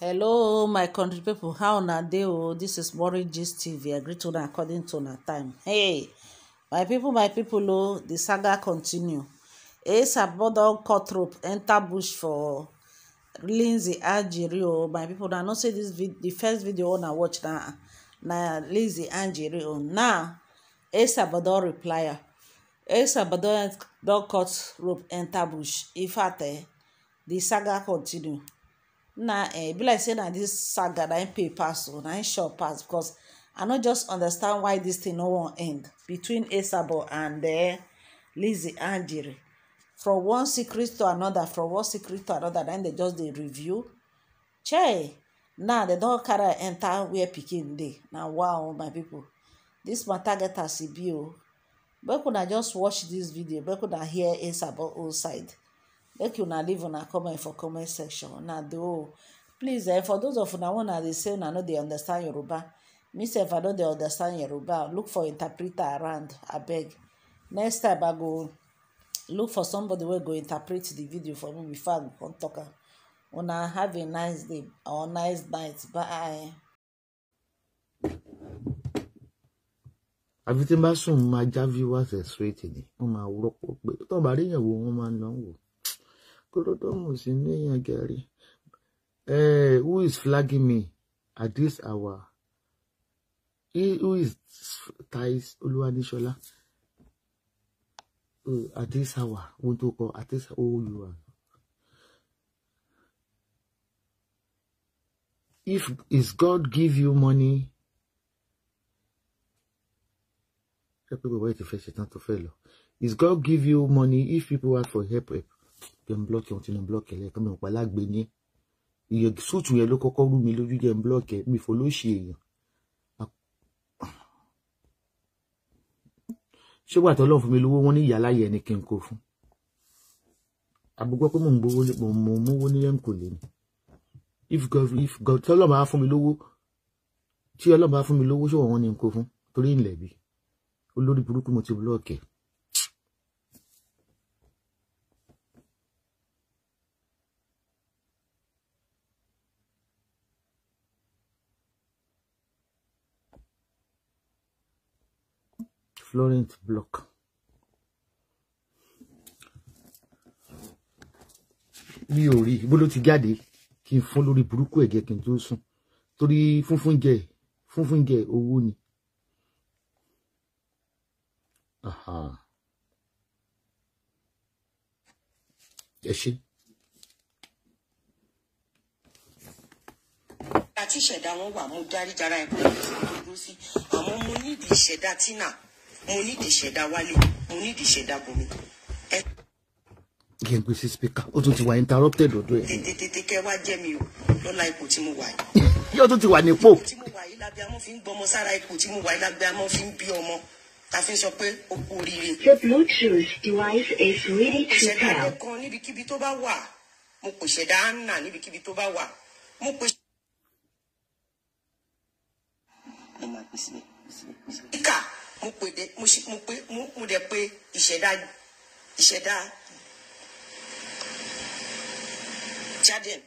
hello my country people. how una dey o oh? dis is morning gist tv i greet una according to una time hey my people, my people. o oh, the saga continue asabo don cut rope enter bush for lindsay ajiri o oh. my people, na know say dis the first video una watch na na lindsay ajiri o now asabo don reply asabo don cut rope enter bush in fact eh, the saga continue na e be like say na dis saga na pay pass o na im sure pass because i no just understand why dis thing no wan end between esabo and eh, lizzie andiri from one secret to another from one secret to another na dem just dey review chey now dem don carry enter where pikin dey na wow my people dis matter get as e be o oh. make una just watch dis video make una hear esabo own side. make una leave una comment for comment section una do please eh for those of una una dey say una no dey understand yoruba me sef i no dey understand yoruba look for interpreter around abeg next time i go look for somebody wey go interpret the video for me before i go come talk am una have a nice day or nice night bye. àfi tí n bá sùn máa já viewers ẹ̀ straight ni wọ́n máa rọ́pò pé tó wọn máa ń Kolodomu sì ní èèyàn Who is flagging me at this hour? Who is Thais Olúwaníṣọlá? Oh, at this hour, Want to kọ, at this hour, oh, you are. If is God give you money? Help people wait to if it. not to fail. Is God give you money if people ask for help? help? pé ń blọ́ọ̀kì ohun tí mo blọ́ọ̀kì ẹlẹ́ẹ̀kan mi ò pa lágbe ní iye súùtù yẹn ló kọ́kọ́ rú mi lójú jẹ́ ń blọ́ọ̀kì mi fò ló ṣe èèyàn. ṣé wà tọ́lọ́ fún mi lówó wọn ní ìyá láyé ẹni kí n kó fún àbúgbọ́ pé mò ń gbowó mò ń mówó nílé ń kò lè ní if God if God tí ọlọ́mọ á fún mi lówó tí ọlọ́mọ á fún mi lówó ṣé wọ́n ní n kó fún torí ìlẹ̀bi olórí burúkú mo ti búlọ́ọ̀kì Florent block. mi ò rí ibo ló ti jáde kí n fún lórí burúkú ẹ̀jẹ̀ kí n tó sùn funfun jẹ funfun jẹ owó ni. Aha. ẹ ṣe. àti ìṣẹ̀dá wọn wà mo dárí dára ẹ̀kọ́ ìdúró sí àmọ́ mo nídìí ìṣẹ̀dá tínà kí n gbèsè spika ó tún ti wà interrupted ọdún ẹ. tètè tètè kẹ wá jẹ mi o lọ́la ipò tí mo wà yìí. yóò tún ti wà nípò. ipò tí mo wà yìí lábẹ́ amọ́ fi ń gbọmọ sára ipò tí mo wà yìí lábẹ́ amọ́ fi ń bí ọmọ ta fi ń sọ pé o kú oríire. the bluetooth device is ready to pair. ìṣẹ̀dá kan níbikíbi tó bá wà mo kò ṣẹ̀dá anna níbikíbi tó bá wà mo kò ṣẹ̀dá mo pè dé mo ṣe mo pé mo dẹ̀ pé ìṣẹ̀dá ìṣẹ̀dá Jaden.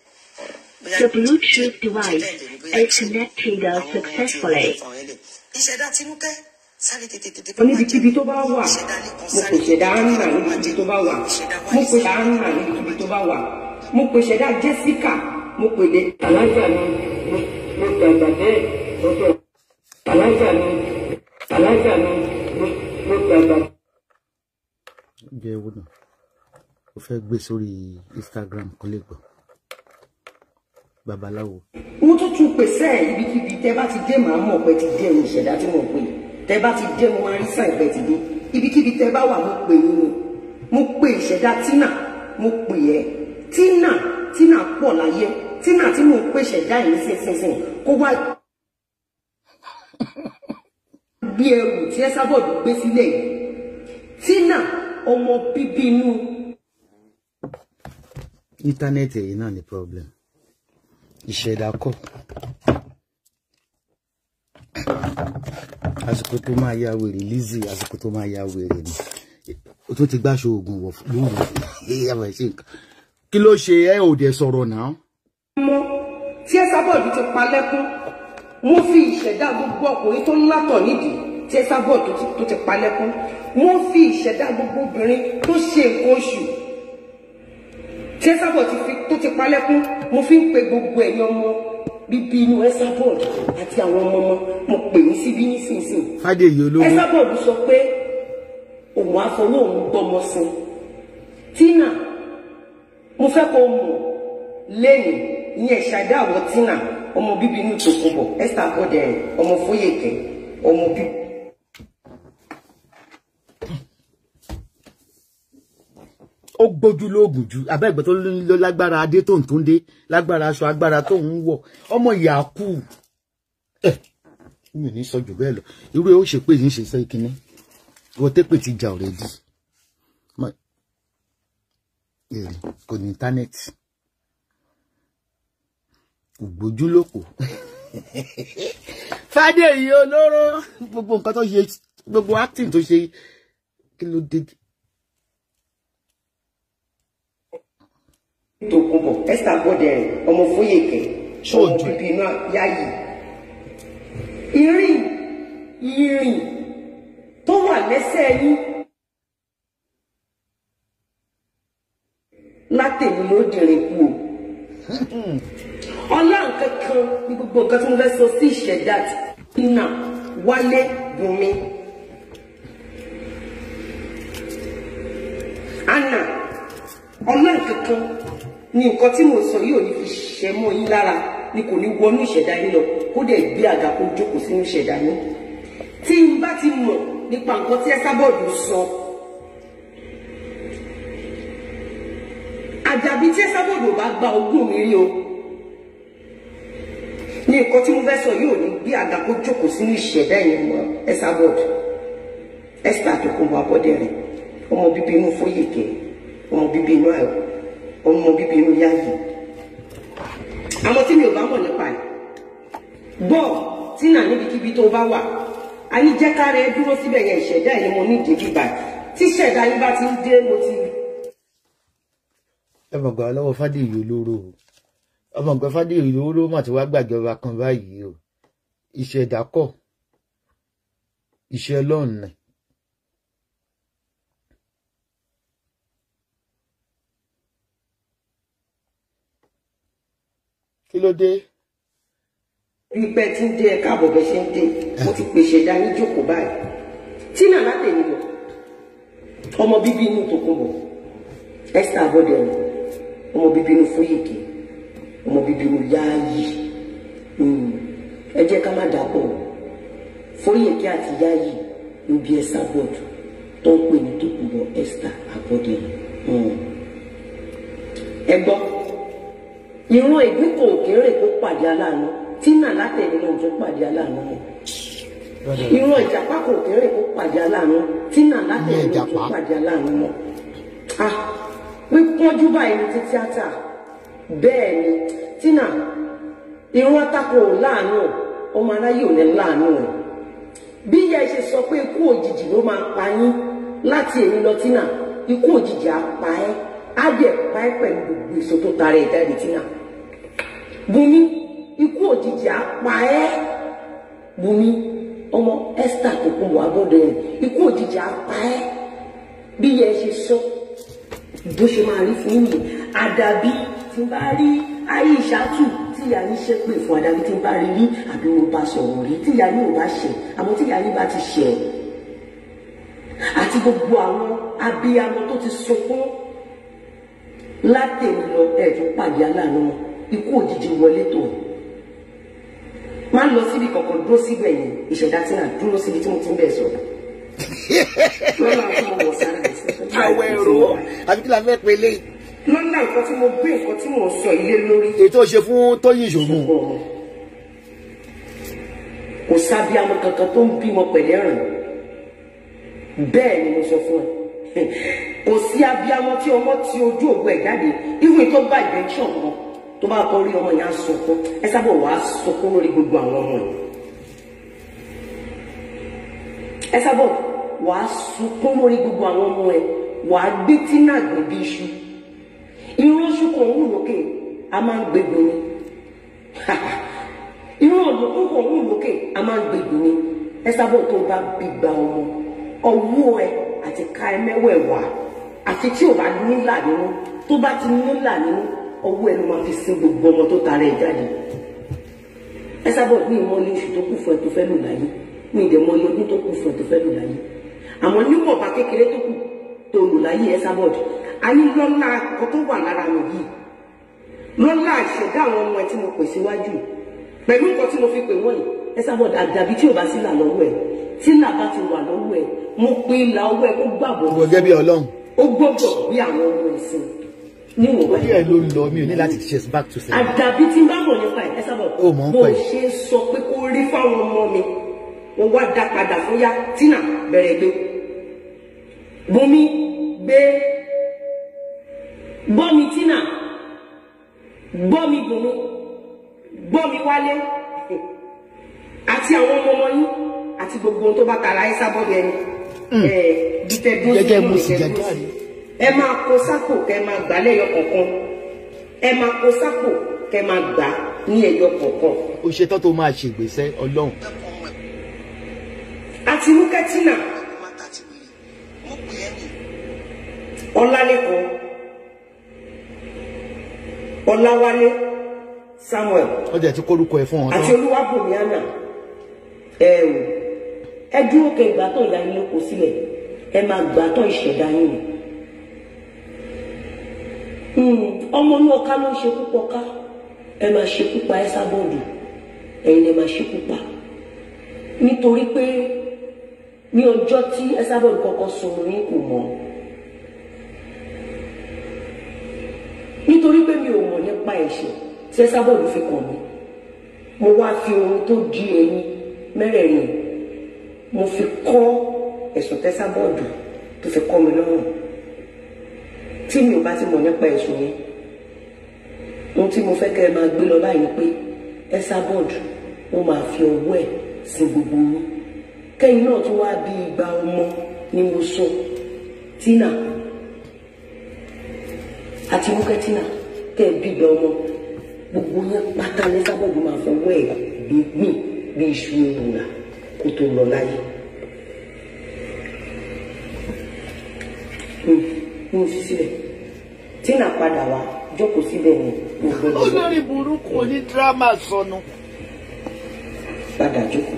The Bluetooth device is connected successfully. ìṣẹ̀dá Tinúkẹ́ níbikíbi tó bá mo kò ṣẹ̀dá anna níbikíbi tó bá wà mo kò ṣẹ̀dá anna níbikíbi tó bá wà mo kò ṣẹ̀dá Jessica mo pè dé. alájà mi mo dàgbà bẹ́ẹ̀ mo alájà mi alájà ni mo dàgbà. jẹ́ ewu náà ó fẹ́ gbé sórí Instagram kó lè gbọ́ babaláwo. mo tún tún pèsè ibikíbi tẹ bá ti dé màá mọ̀ pé ti dé ìṣẹ̀dá tí mo pè tẹ bá ti dé mo máa rí sàn ìpẹ́ ti dé ibikíbi tẹ bá wà mo pè yín mo pè ìṣẹ̀dá tínà mo pè ẹ́ tínà tínà pọ̀ láyé tínà tí mo pèsè dá yìí sísinsìn kó wá bí ẹrù tí ẹ sábọ̀dù gbé sílẹ̀ yìí Tina ọmọ bíbí inú. íńtánẹ́ẹ̀tì èyí náà ni problem ìṣẹ̀dá kọ̀ àsìkò tó máa ya wèrè Lizzy àsìkò tó máa ya wèrè ni o tún ti gbáṣọ oògùn wọ̀ fún lóòrùn ẹ̀yà bàbá ṣe nǹkan kí ló ṣe ẹ ò dẹ̀ sọ̀rọ̀ náà. mo tí ẹ sábọ̀dù ti pa lẹ́kún mo fi ìṣẹ̀dá gbogbo ọkùnrin tó ń látọ̀ nídìí tí Esabod tó ti palẹ́kún wọ́n fi ìṣẹ̀dá gbogbo obìnrin tó ṣe nǹkan oṣù tí Esabod tó ti palẹ́kún mo fi ń pe gbogbo ẹ̀yin ọmọ bíbí inú Esabod àti àwọn ọmọ ọmọ mo pè mí síbí nísinsìnyí Esabod sọ pé òun àfọwọ́ òun gbọmọ sin Tina mo fẹ́ kó mọ̀ lẹ́nu ní ẹ̀ṣadá àwọn Tina ọmọ bíbí inú Tòkunbọ̀ Esabod ọmọ Fóyèkẹ́ ọmọ bíbí. ó gbójú lóògùn jù abẹ́gbẹ́ tó ló lágbára adé tó ń tó ń dé lágbára aṣọ agbára tó ń wọ̀ ọmọ yàkú ẹ̀ mi ò ní sọ jù bẹ́ẹ̀ lọ irú ẹ̀ ó ṣe pé yìí ń ṣe sọ ìkíní wọ́n tẹ́pẹ̀ ti jà ọ̀rẹ́dì èrè kò ní íńtánẹ́ẹ̀tì kò gbójú lóko fàdé yìí olóró gbogbo nǹkan tó ṣe gbogbo acting tó ṣe kí ló dé tòkunbọ̀ esther abọ́dẹ̀rìn ọmọ fóyèké ọmọ bíbí iná yáyì irin irin tó wà lẹ́sẹ̀ yín látẹ̀mí ló dìrín kú o ọlá nǹkan ní gbogbo nǹkan tí mo fẹ́ sọ sí ìṣẹ̀dá iná wálé bùnmi anna ọlá nǹkan ni nǹkan tí mò ń sọ yìí ò ní fi ṣiṣẹ́ mọ́ yín lára ni kò ní wọnú ìṣẹ̀dá yín lọ kó dẹ̀ gbé àga kó jókòó sínú ìṣẹ̀dá yín tí n bá ti mọ̀ nípa nǹkan tí Ẹsábọ̀dù sọ àjàbí tí Ẹsábọ̀dù bá gba ogún mi rí o ní nǹkan tí mo fẹ́ sọ yìí ò ní gbé àga kó jókòó sínú ìṣẹ̀dá yẹn mọ́ Ẹsábọ̀dù Esther Tokunbo Abọ́dẹ̀rìn ọmọ bíbí inú Fóyèké ọmọ bíbí inú Àìwò ọmọ bíbí inú yá yìí àwọn tí mi ò bá mọ̀ nípa ẹ̀ gbọ́ tí nà níbikíbi tó bá wà a ní jẹ́ káre dúró síbẹ̀ yẹn ìṣẹ̀dá yẹn mo ní ìdíjú báyìí tí ìṣẹ̀dá yín bá ti ń dé mo ti. ẹ mọ̀gbà ọlọ́wọ́ fádìyí olóró o ọmọọ̀gbọ́n fádìyí olóró mà ti wá gbàjọba kan báyìí o ìṣẹ̀dá kọ̀ iṣẹ́ ọlọ́run kí ló dé. pípẹ́ tí ń dé ẹ káàbọ̀ bẹ́ẹ̀ ṣe ń dé mo ti pèsè dání jókòó báyìí tí nàlá tèmi mọ̀ ọmọ bíbí inú Tòkunbọ̀ Esther Abọ́dẹ̀rìn ọmọ bíbí inú Foyeke ọmọ bíbí inú Yáàyì hmm. ẹ jẹ́ ká má dàpọ̀ Foyeke àti Yáàyì ló bí Esther bọ́ọ̀dù tó ń pè ní Tòkunbọ̀ Esther Abọ́dẹ̀rìn hmm. ẹ gbọ́. ìran ìpínkù òkèèrè kó pàdé aláàánú tínà látẹ̀lé náà tó pàdé aláàánú rẹ̀ ìran ìjàpá kò kéré kó pàdé aláàánú náà tó pàdé aláàánú mọ́ ah wípọ́njú báyìí ti tíátà bẹ́ẹ̀ ni tínà ìran atakò láàánú ọmọ ò ní láàánú rẹ̀ bí ìyá sọ pé ikú òjijì ló máa pa yín láti lọ ikú òjijì á pa ẹ́. á dẹ̀ pa ẹ́ pẹ̀lú gbogbo èso tó tara ẹ̀dá ìrètínà Bùnmi ikú òjijì á pa ẹ́ Bùnmi ọmọ Esther tó kún wà gbọ́dọ̀ yẹn ikú òjijì á pa ẹ́ bí yẹn ṣe sọ bó ṣe máa rí fún mi àdàbí tí n bá rí ayé ìṣàtù tíyà yín ṣe pé fún àdàbí tí bá rí rí àbí mo bá sọ̀rọ̀ rí tíyà yín ò bá ṣe àmọ́ tíyà yín bá ti ṣe àti gbogbo àwọn abiyamọ tó ti sọ fún látẹ̀mí lọ ẹ̀ tún pàdé aláàánú mọ́ ikú òjijì wọlé tó má lọ síbi kankan dúró síbẹ̀ yẹn ìṣẹ̀dá tí náà dúró síbi tí mo ti ń bẹ̀ sọ̀rọ̀ àwẹ̀rò àbí kí la fẹ́ pe lé. lọ́nà nǹkan tí mo gbé nǹkan tí mò ń sọ ilé lórí. ètò ṣe fún Tóyìn Ìṣògùn. kò sábíàmọ kankan tó ń bímọ pẹ̀lẹ́ bẹ́ẹ̀ ni mo sọ fún ẹ kò sí abiyamọ tí ọmọ ti ojú òwú ẹ̀ jáde irú ìtọ́ gba ìdẹ́kṣọ̀n wọn tó bá kọ́ rí ọmọ yẹn á sọkún ẹ sábà wàá sọkún lórí gbogbo àwọn ọmọ yìí ẹ sábà wàá sunkún lórí gbogbo àwọn ọmọ ẹ wàá gbé tínà gbé bí iṣu irú oṣù kan wù lókè a máa ń gbégbó ni irú òdòkú kan wù lókè a máa ń gbégbó ni ẹ sábà tó bá gbígba ọmọ ọwọ́ ẹ ẹ̀ka ẹmẹ́wẹ̀ẹ̀wá àfi tí ò bá nílà nínú tó bá ti nílà nínú ọwọ́ ẹnu máa fi sin gbogbo ọmọ tó tara ẹ̀ jáde ẹ sábọ̀ ní ìmọ̀lẹ́ oṣù tó kù fún ẹ tó fẹ́ lò láyé ní ìdẹ̀mọ̀lẹ́ ọdún tó kù fún ẹ tó fẹ́ lò láyé àmọ́ níwọ̀nba kékeré tó kù tó lò láyé ẹ sábọ̀ a ní lọ́la kan tó wà lára mi yìí lọ́la ìṣẹ̀dá àwọn ọmọ ẹ tí mo pè síwájú pẹ̀lú nǹkan tí mo fi pè wọ́n yìí Esabod àdàbí tí ò bá sí là lọ́wọ́ ẹ̀ tí là bá ti wà lọ́wọ́ ẹ̀ mo pin ìlà ọwọ́ ẹ̀ kó gbàgbọ́. gbọ́dọ̀ bí ọlọ́run. ó gbọ́dọ̀ bí àwọn ọmọ ìsìn ní wò wáyé. díẹ̀ ló lọ mi ò ní láti ṣe back to seven. àdàbí tí n bá mọ̀ nípa ẹ̀ Esabod. ó mọ̀ ń pẹ́. mo ṣe sọ pé kó rí fáwọn ọmọ mi wọ́n wá dá padà fún yá tínà bẹ̀rẹ̀ gbé bùnmi gbé bọ́mi tínà bọ́mi bọ́mi wálé àti àwọn ọmọ ọmọ yín àti gbogbo ohun tó bá tara hmm. ẹ sábọ́dọ̀ ẹni dìtẹ̀dún sínú ìjẹ̀dún ẹ máa kó sápò kẹ́ máa gbà lẹ́yọ̀ kọ̀ọ̀kan ẹ máa kó sápò kẹ́ máa gbà ní ẹ̀yọ̀ kọ̀ọ̀kan. o ṣetán tó máa ṣègbésẹ̀ Ọlọ́run. àti mú Katina ọlálẹ́kọ̀ọ́ ọláwálé Samuel. ọjà tí kórúkọ ẹ fún wọn. àti olúwàbùnmí àná ẹ o ẹ dúró kẹ ìgbà tó ìyá yín lóko sílẹ̀ ẹ máa gbà tó ìṣẹ̀dá yín hmm, ọmọ inú ọká ló ń ṣekú pọ ká ẹ máa ṣekú pa ẹ sábọọdù ẹ̀yin lè máa ṣekú pa nítorí pé ní ọjọ́ tí ẹ sábọọdù kọ́kọ́ sọ̀rọ̀ ní kò mọ̀ nítorí pé mi ò mọ̀ nípa ẹ̀ṣẹ̀ tí ẹ sábọọdù fi kàn mí mo wá fi ohun tó di ẹ̀yin mẹ́rẹ̀ẹ̀rin mo fi kọ́ ẹ̀sùn tẹ́sàbọ̀dù tó fi kọ́ mi lọ́rùn tí mi ò bá ti mọ̀ nípa ẹ̀sùn yẹn ohun tí mo fẹ́ kẹ́ ẹ máa gbé lọ báyìí pé ẹ̀sàbọ̀dù ó máa fi ọwọ́ ẹ̀ sí gbogbo yín kẹ́yìn náà tó wá bí igba ọmọ ni mo sọ tina àti wúkẹ́ tina kẹ́ ẹ bí igba ọmọ gbogbo yẹn pátá lẹ́sàbọ̀dù máa fọwọ́ ẹ̀ gbẹ̀gbìn bí iṣu ewùrà kó tó lọ láyé. mo fi sílẹ̀ tí nà padà wá jókòó ni mo gbọ́dọ̀ lọ. olórí burúkú oní dírámà sọnù. padà jókòó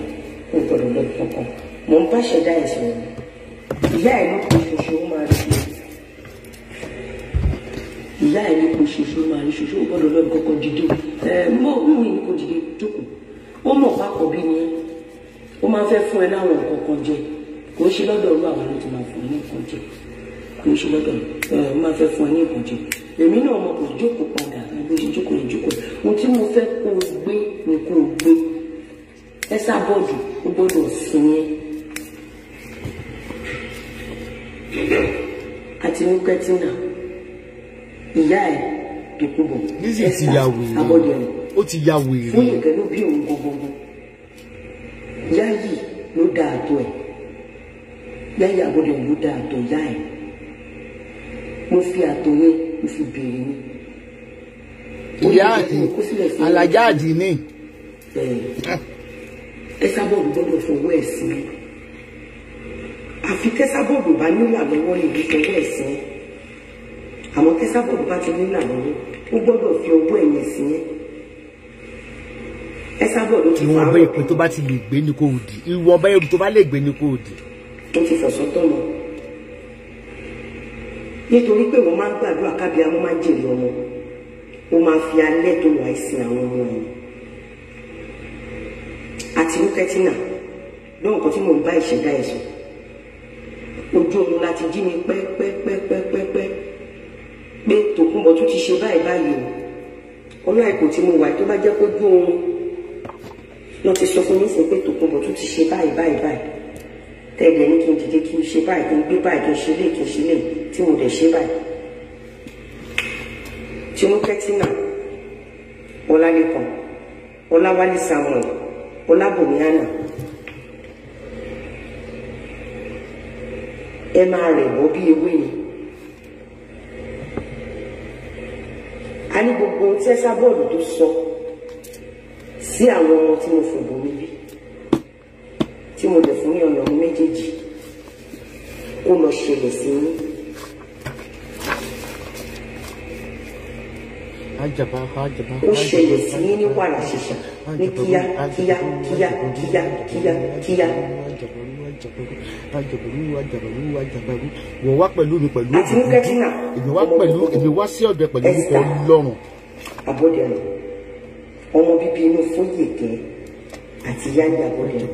mo gbọ́dọ̀ lọ kankan mo ń bá ṣẹ̀dá ẹ̀sìn rẹ̀ ìyá ẹ̀ ló kó ṣoṣo ó máa rí ṣoṣo ìyá ẹ̀ ló kó ṣoṣo ó máa rí ṣoṣo ó gbọ́dọ̀ lọ kankan ẹ̀ mọ́ mi kò dìde jókòó wọ́n mọ̀ pápọ̀ bí ni ó máa fẹ́ fún ẹ láwọn nǹkan kan jẹ kò ń ṣe lọ́dọ̀ ọ̀rọ̀ àwọn ló ti máa fún ẹ ní nǹkan jẹ kò ń ṣe lọ́dọ̀ ẹ máa fẹ́ fún ẹ ní nǹkan jẹ èmi náà mo kò jókòó padà bó ṣe jókòó lè jókòó ohun tí mo fẹ́ kó o gbé ni kó o gbé ẹ sábọ́ọ̀dù ó gbọ́dọ̀ sin yẹn. àti ní kẹ́tínà ìyá ẹ̀ dòkúbọ̀ ẹ sábọ́ọ̀dù ẹ̀ ó ti ya wèrè. Múyìnkẹ́ ló bí òun gbogbogbò yáyì ló dáa tó ẹ̀ yáyì àbọ̀dẹ̀ ló dáa tó yáyì mo fi àtọ̀ yẹn mo fi bèrè ni. ìyá àdì alájà àdì ni. tẹ́sábọ̀dù gbọ́dọ̀ fọwọ́ ẹ̀ sí i àfi tẹ́sábọ̀dù bá nílà lọ́wọ́ ibi fọwọ́ ẹ̀ sí i àmọ́ tẹ́sábọ̀dù bá ti nílà lọ́wọ́ ó gbọ́dọ̀ fi ọwọ́ ẹ̀yìn sí i ẹ sábọ̀ ló ti fa àwọn ìwọ̀nba èpè tó bá ti lè gbé ni kò dì ìwọ̀nba ẹrù tó bá lè gbé ni kò dì. tó ti fẹ̀sọ́ tọ̀ nítorí pé wọ́n máa ń gbàdúrà kábíyá wọ́n máa ń jèrè ọmọ wọ́n máa fi alẹ́ tó wà ìsìn àwọn ọmọ yẹn àti rúkẹ́tínà lóhùn kan tí mò ń bá ìṣẹ̀dá ẹ̀ ojú oorun láti jí mi pẹ́pẹ́pẹ́pẹ́pẹ́ pé Tòkunbọ̀ tún ti ṣe báyìí báyìí o ọlọ́àìkò tí mo wà tó bá jẹ́ kójú oorun lọ ti sọ fún mi sí pé tòkó bò tún ti ṣe báyìí báyìí báyìí tẹ́lẹ̀ ní kí n dìde kí n ṣe báyìí kí n gbé báyìí kí n ṣe lè kí n ṣe lè tí mo dẹ̀ ṣe báyìí. Tinúkẹ́ Tina Ọlálékan Ọláwálé Samuel Ọlábùnmi Anna ẹ máa rẹ̀ bọ́ bí ewé ni. a ní gbogbo ohun tí tó sọ. So sí àwọn ọmọ tí mo fòbò mi bí tí mo dẹ̀ fún ní ọ̀nà mi méjèèjì kó lọ ṣẹlẹ̀ sí mi. ó ṣẹlẹ̀ sí mi ní wàrà ṣiṣà ní kíá kíá kíá kíá kíá kíá. Wọ́n wá pẹ̀lú mi pẹ̀lú òkú. Èmi wá pẹ̀lú èmi wá sí ọ̀dọ̀ pẹ̀lú orúkọ Ọlọ́run. Àbọ̀dẹ̀ rẹ̀ ọmọ bíbí inú Fóyèkẹ́ àti ìyá ìyàwó rẹ̀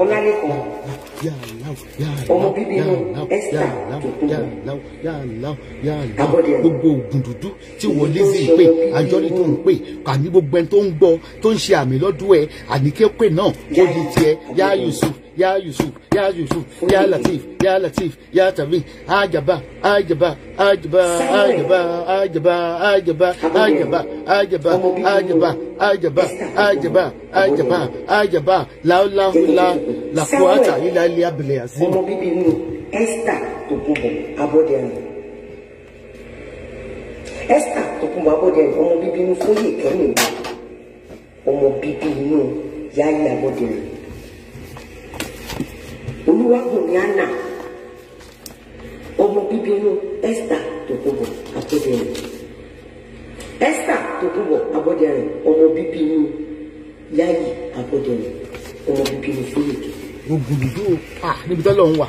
Ọlálékan ọmọ bíbí inú Esther Tòkunbọ̀ Abọ́dẹ̀ gbogbo ògùn dúdú tí wọ́n lézè pé àjọlí tó ń pè àní gbogbo ẹni tó ń gbọ́ tó ń ṣe àmì lọ́dún ẹ̀ àníkẹ́ náà ó di tiẹ̀ yáyùsùn ya yusuf ya yusuf ya latif ya latif ya tabi ajaba ajaba ajaba ajaba ajaba ajaba ajaba ajaba ajaba ajaba ajaba ajaba ajaba laulahula lakuata ila ilé abilé azim. ọmọ bíbí inú esther tó kún bọ abọ́dẹ àná esther tokunbo abodèrin ọmọ bíbí inú fúyè kẹ́hìndé ọmọ bíbí inú yáyà abodèrin olúwa bùnmi anna ọmọ bíbí inú esther tòkunbọ̀ abọ́dẹ̀rìn esther tòkunbọ̀ abọ́dẹ̀rìn ọmọ bíbí inú yáyì abọ́dẹ̀rìn ọmọ bíbí inú fúlùkì. gbogbo ah, níbi tọ́lọ̀ ń wà.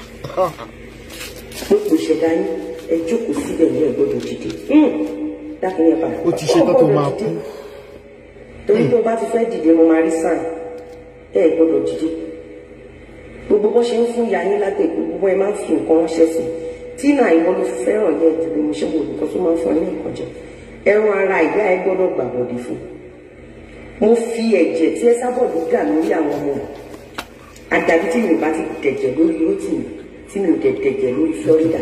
mo kò ṣẹ̀dá yín ẹ jókòó síbẹ̀ ní ẹ̀gbọ́dọ̀ dìde hmm, dákun yẹn padà. ó ti ṣe tó tó máa kú. torí tó bá ti fẹ́ dìde mo máa rí sàn ẹ gbọ́dọ̀ dìde gbogbo bó ṣe ń fún ìyá yín látẹ̀ gbogbo ẹ máa ń fi nǹkan ránṣẹ́ sí tí náà ìwọ ló fẹ́ràn yẹn ju bí ṣe wò nǹkan tó máa ń fún ẹ ní nǹkan ẹran ara ìyá ẹ gbọ́dọ̀ gbàgbọ́dì fún mo fi ẹ̀jẹ̀ tí ẹ sábọ̀ ló dà lórí àwọn ọmọ àdàbí tí mi bá ti dẹ̀jẹ̀ lórí lótì mi tí mi dẹ̀ dẹ̀jẹ̀ lórí Florida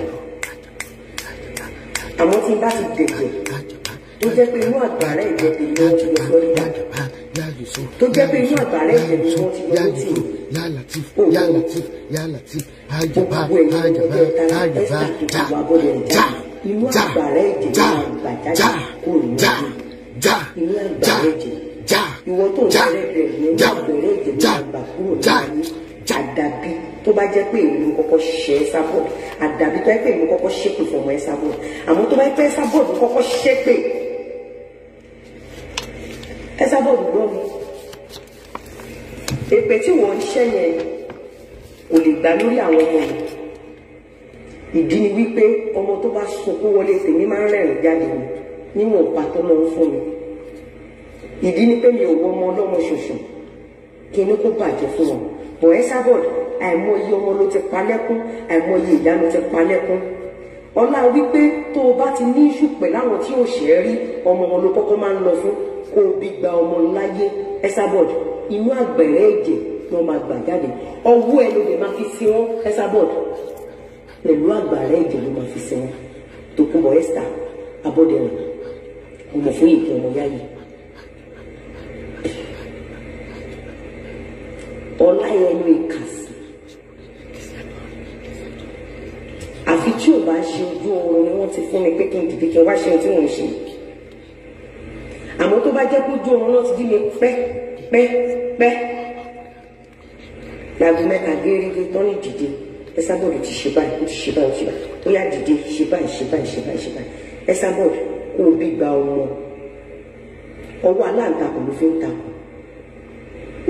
àmọ́ tí n bá ti dẹ̀jẹ̀ tó jẹ́ pé inú àgbàrá ẹ̀jẹ̀ tèmi tó jẹ́ pé inú àgbàrá ẹ̀jẹ̀ ni wọ́n ti yọ létí ya latif ya latif ya latif ajaba ajaba ajaba ja ja ja ja ja ja ja ja ja ìwọ tó ń tẹ́lẹ̀ bẹ̀rẹ̀ ní àgbẹ̀rẹ̀ ẹ̀jẹ̀ ní àgbà kúrò ní àdàbí tó bá jẹ́ pé èmi kọ́kọ́ ṣe ẹ́ sábọ̀ àdàbí tó bá jẹ́ pé èmi kọ́kọ́ ṣépè fọmọ ẹ́ sábọ̀ àmọ́ tó bá jẹ́ pé ẹ́ sábọ̀ mi kọ́kọ́ ṣépè ẹ sábọ̀ gbọ́ mi èpè tí wọ́n ń ṣẹ́ yẹn kò lè gbà lórí àwọn ọmọ yìí ìdí ni wípé ọmọ tó bá sunkún wọlé tèmi máa ń rẹ́rìn jáde mi níwọ̀n ọ̀pá tó lọ ń fún mi ìdí ni pé mi ò wọ ọmọ ọlọ́mọ ṣoṣo kí ni kó bàjẹ́ fún wọn bọ̀ ẹ sábọ̀ àìmọye ọmọ ló ti pa lẹ́kún àìmọye ìyá ló ti pa lẹ́kún ọlá wípé tó o bá ti ní ìṣù pẹ̀láwọn tí ò ṣẹ́ rí ọmọ wọn ló kọ́kọ́ máa ń lọ fún kó o bí gba ọmọ láyé Esabod inú àgbẹ̀rẹ̀ ẹ̀jẹ̀ ni wọ́n máa gbà jáde ọwọ́ ẹ ló lè máa fi sí wọn Esabod pẹ̀lú àgbàrẹ̀ ẹ̀jẹ̀ ló máa fi sí wọn Tòkunbọ̀ Esther Abọ́dẹrìn ọmọ fún ìpín ọmọ yáyì ọlá ẹnu ìkàsí àfi tí ò bá ṣe ojú oorun ni wọ́n ti fún mi pé kí n dìde kí n wá ṣe ohun tí mò ń ṣe yìí àmọ́ tó bá jẹ́ kó jó ọmọ náà ti dí mi pẹ́ pẹ́ pẹ́ láago mẹ́ta gérégé tán ní dìde ẹ sábọ̀dù ti ṣe báyìí ó ti ṣe báyìí ó ṣe báyìí ó yá dìde ṣe báyìí ṣe báyìí ṣe báyìí ṣe báyìí ẹ sábọ̀dù kó o bí gba ọmọ ọwọ́ aláǹtakùn ló fi ń takùn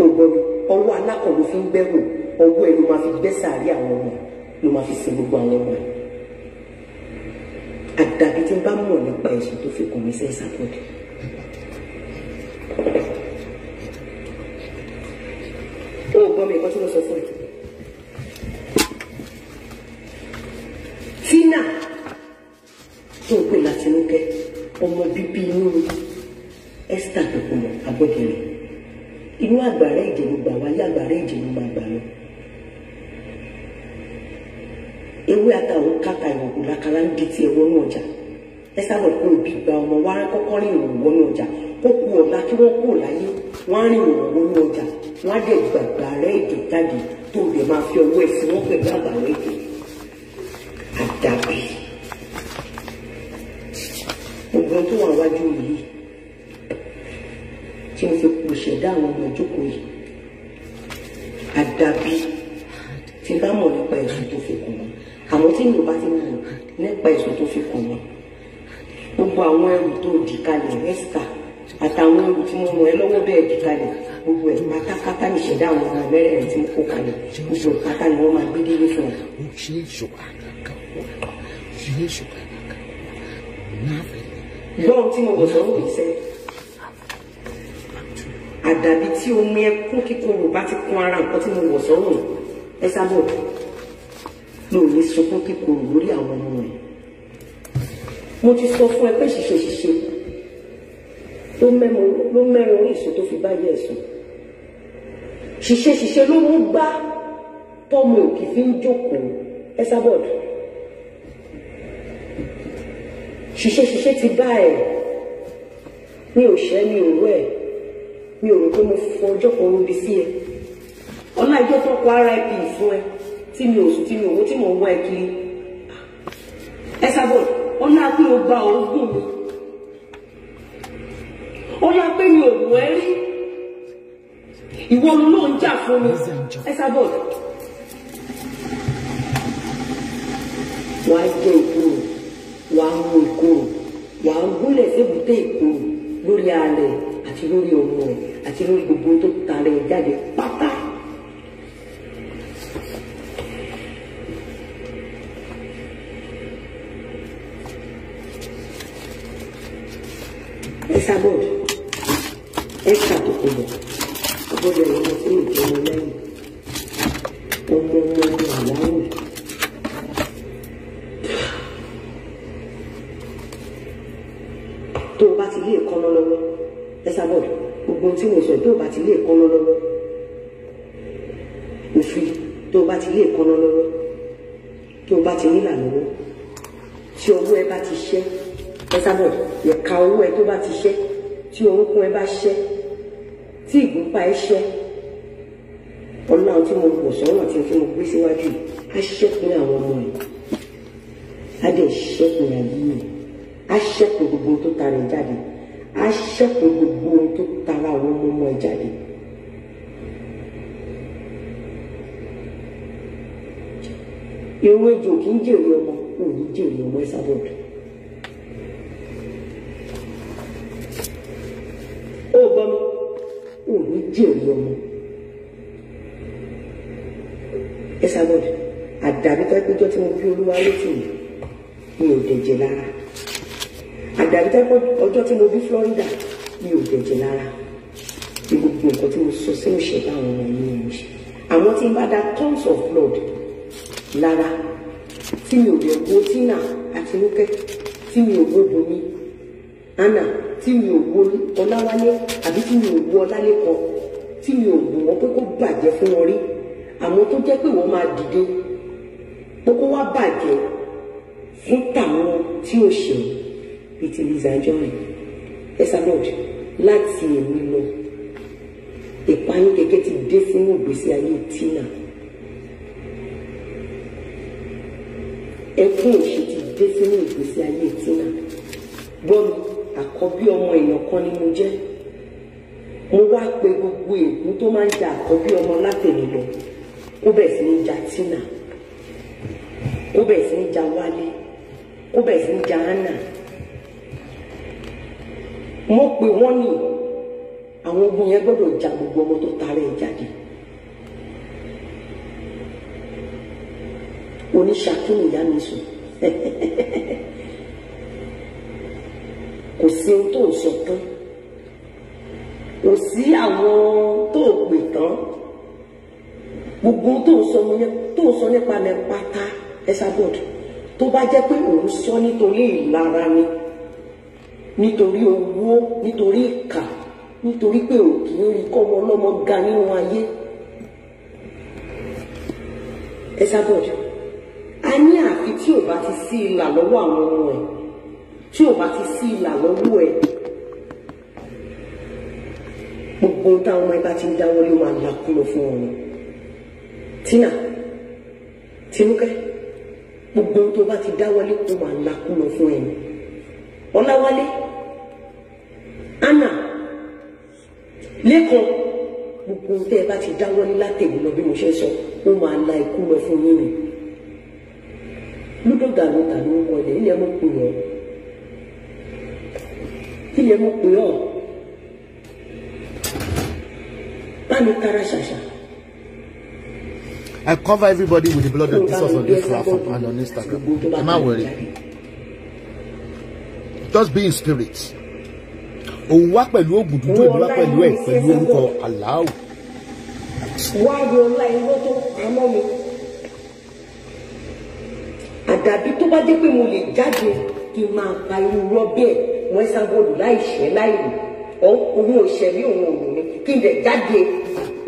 ògbọ́n ọwọ́ alákọ̀ ló fi ń gbẹ́rù ọwọ́ ẹ ló máa fi gbẹ́ sàárì àwọn ọmọ ló máa fi sin gbogbo àwọn ọmọ ẹ àdàbí tí ń bá mọ̀ nípa ẹ̀sùn tó fi kùn mí sí ẹ̀ sábọ̀dù ó gbọ́ mi nǹkan tí mo sọ fún ẹ. Tina tó ń pè Látinúkẹ́ ọmọ bíbí inú Esther tó kù mọ́ Abọ́dẹ̀rẹ̀ inú àgbàrá Ìjẹ̀bú gbà wá yá àgbàrá Ìjẹ̀bú máa gbà lọ. ewé àtàwọn kàkà ìwòkù làkàrà ń di tiẹ̀ wọnú ọjà ẹ sábà kó òbí gba ọmọ wa kọ́kọ́ rìn ìwò wọnú ó ku ọ̀la kí wọ́n kú láyé wọ́n á rìn ìrànwọ́ ní ọjà wọ́n á dẹ̀ gbàgbà rẹ̀ èdè jáde tó lè máa fi ọwọ́ ẹ̀sìn wọ́n pẹ̀lú àgbàrá èdè àdàbí. gbogbo tó wà wájú yìí tí wọ́n fi kò ṣẹ̀dá àwọn ọmọ ìjókòó yìí àdàbí ti bá mọ̀ nípa ẹ̀sùn tó fi kàn wọ́n àwọn tí mi bá ti mọ̀ nípa ẹ̀sùn tó fi kàn wọ́n gbogbo àwọn ẹrù tó dì kalẹ̀ ẹ́sítà àtàwọn olù tí mo mọ̀ ẹ́ lọ́wọ́ bẹ́ẹ̀ jù kalẹ̀ gbogbo ẹ̀ pátápátá ní ìṣẹ̀dá àwọn ọmọ abẹ́rẹ́ rẹ̀ tí mo kó kalẹ̀ oṣù pátá ni wọ́n máa gbé délé fún ẹ. lọ́run tí mo bọ̀ sọ́rọ́ kì í sẹ́ àdàbí tí omi ẹkún kíkorò bá ti kún ara nǹkan tí mo wọ̀ sọ́rọ̀ ẹ sábọ̀ mi ò ní sunkún kíkorò lórí àwọn ọmọ rẹ̀ mo ti sọ fún ẹ pé ṣiṣẹ́ ṣiṣẹ́ ló mẹ́rin orísun tó fi báyé ẹ̀sùn ṣiṣẹ́ṣiṣẹ́ ló mú gbá tọ́mọ òkè fi ń jókòó ẹ́sàbọ̀dù ṣiṣẹ́ṣiṣẹ́ ti bá ẹ̀ mi ò ṣẹ́ mi ò rú ẹ̀ mi ò pé mo fọ ọjọ́ kan rúbi sí ẹ ọ̀nà ìjọ tó kọ ara ẹ̀pì fún ẹ tí mi ò sùn tí mi ò wọ tí mò ń wá ẹ kiri ah, ẹ́sàbọ̀dù ọ̀nà àpérò gba òógùn mi ó yá pé mi ò mú ẹ rí ìwọ ló ń jà fún mi ẹ sábọ̀ wàá jẹ ìkorò wàá mú ìkorò wàá gúnlẹ̀ sébùté ìkorò lórí alẹ̀ àti lórí ọmọ ẹ̀ àti lórí gbogbo tó tara ẹ̀ jáde olúwa ló fò mí mi ò dẹ̀jẹ̀ lára àdàbí tẹ́pọ̀ ọjọ́ tí mo bí Florida mi ò dẹ̀jẹ̀ lára ní gbogbo nǹkan tí mo sọ sínú ìṣẹ̀dá àwọn ọmọ mi ò ṣe àwọn tí n bá da tons of blood lára tí mi ò lè wo Tina Àtinúkẹ́ tí mi ò wo Bùnmi Anna tí mi ò wo Ọláwálé àbí tí mi ò wo Ọlálékan tí mi ò wù wọ́n pé kó bàjẹ́ fún wọn rí àwọn tó jẹ́ pé wọ́n máa dìde pé kó wá bàjẹ́ fún tàwọn tí ò ṣe bíi ti Lizzy Anjorin ẹ̀sà lord láti èmi lọ ìpayín kẹ̀kẹ́ ti dé sínú ìgbésí ayé Tina ẹkún òṣì ti dé sínú ìgbésí ayé Tina gbọ́mi àkọ́bí ọmọ èèyàn kan ni mo jẹ́ mo wá pe gbogbo ègún tó máa ń ja àkọ́bí ọmọ látẹ̀lé lọ ó bẹ̀ sí ní ja Tina kó bẹ̀rẹ̀ sí ní ja Wálé kó bẹ̀rẹ̀ sí ní ja Hannah mo pè wọ́n ní àwọn ogun yẹn gbọ́dọ̀ ja gbogbo ọmọ tó tarẹ̀ jáde oníṣàkínì ìyá mi sùn kò sí ohun tó sọ tán kò sí àwọn tó pè tán gbogbo tó sọ nípa mi Esabod tó bá jẹ́ pé òun sọ nítorí ìlara ni nítorí owó nítorí ìkà nítorí pé ò kì í rí kọ́mọ ọlọ́mọ ga nínú ayé Esabod a ní àfi tí ò bá ti sí ìlà lọ́wọ́ àwọn ọmọ ẹ̀ tí ò bá ti sí ìlà lọ́wọ́ ẹ̀ gbogbo táwọn ọmọ ẹ ti ń dáwọ́lé ó máa lakú lọ fún wọn Tina Tinúkẹ́ gbogbo ohun tó bá ti dáwọ́lé kó máa lakúlọ fún ẹni ọláwálé anna lẹ́kọ̀ọ́ gbogbo ohun tẹ́ ẹ bá ti dáwọ́lé látẹ̀wé lọ bí mo ṣe sọ ó máa la ikú lọ fún yín rìn ló tà ló ń wọlé ilé ẹmọ pè ọ́ ilé ẹmọ pè ọ́ bá mi tara ṣàṣà. I cover everybody with the blood of Jesus on this platform and on Instagram. Am I worried? Just be in spirit. Òun wá pẹ̀lú ògùn dúdú ìlú wá pẹ̀lú ẹ̀ pẹ̀lú orúkọ Aláwù. Wá di ọlá iná tó pamọ́ mi. Àdàbí tó bá jẹ́ pé mo lè jáde kí n máa pa irú rọ́bì ẹ̀ wọ́n ṣàgbọ́dọ̀ láì ṣẹ́ láì rí. Òun ò ṣẹ̀mí òun ò rò mí kí n dẹ̀ jáde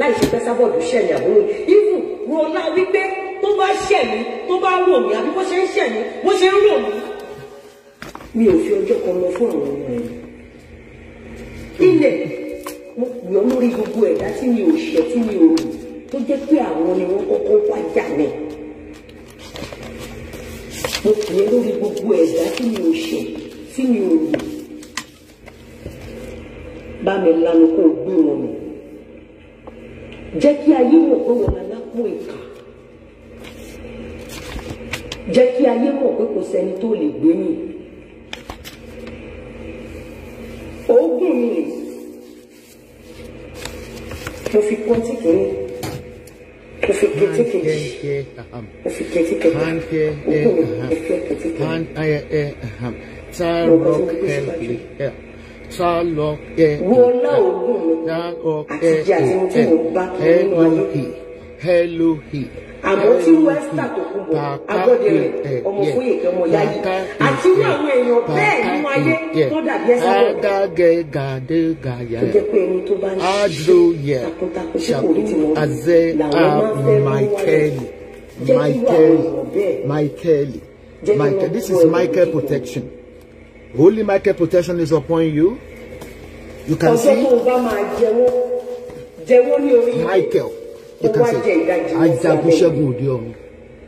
láì ṣe pẹ́ sábọ̀dù rọlá wípé tó bá ṣẹ̀ mí tó bá rò mí àbí bó ṣe ń ṣẹ̀ mí bó ṣe ń rò mí. mi ò fi ọjọ́ kan lọ fún àwọn ọmọ rẹ̀ ilẹ̀ mo pè ọ́ lórí gbogbo ẹ̀dá tí mi ò ṣẹ̀ tí mi ò rò tó jẹ́ pé àwọn ni wọ́n kọ́kọ́ wá jà mí. mo pè ọ́ lórí gbogbo ẹ̀dá tí mi ò ṣẹ̀ tí mi ò rò bá mi lanu kó o gbé wọn mọ̀ jẹ́ kí ayé wọ̀ kó wọn lanu gbogbo ìka jẹ́ kí ayé mọ̀ pé kò sẹ́ni tó lè gbé mi oògùn mi nì mo fi kọ́ tí kìíní mo fi kété kejì mo fi kété kẹta oògùn mi mo fi kété kẹta tálọ́kẹ́lì tálọ́kẹ́lì wọ́n lá oògùn mi àti jẹ́ àti mo tí mo bá kí nínú ayé. Elohi. Àmọ́ tí Wẹ́stà Tòkunbọ̀ Agbọ́dẹ̀rẹ̀ ọmọ fún èké ọmọ ìyá yìí àti irú àwọn èèyàn bẹ́ẹ̀ nínú ayé tó dàbí ẹ̀sà rẹ̀. Adágẹ́ gàdé gàyà. Ó jẹ́ pé ẹni tó bá ń ṣe takuntakun ṣe kò rí tiwọn làwọn máa ń um, fẹ́ mú wọn. Michael, Michael, Michael, this is Michael protection. Holy Michael protection is upon you. You can see. Michael ìkànsẹ̀ ajagunṣẹ́gun òde ọ̀run.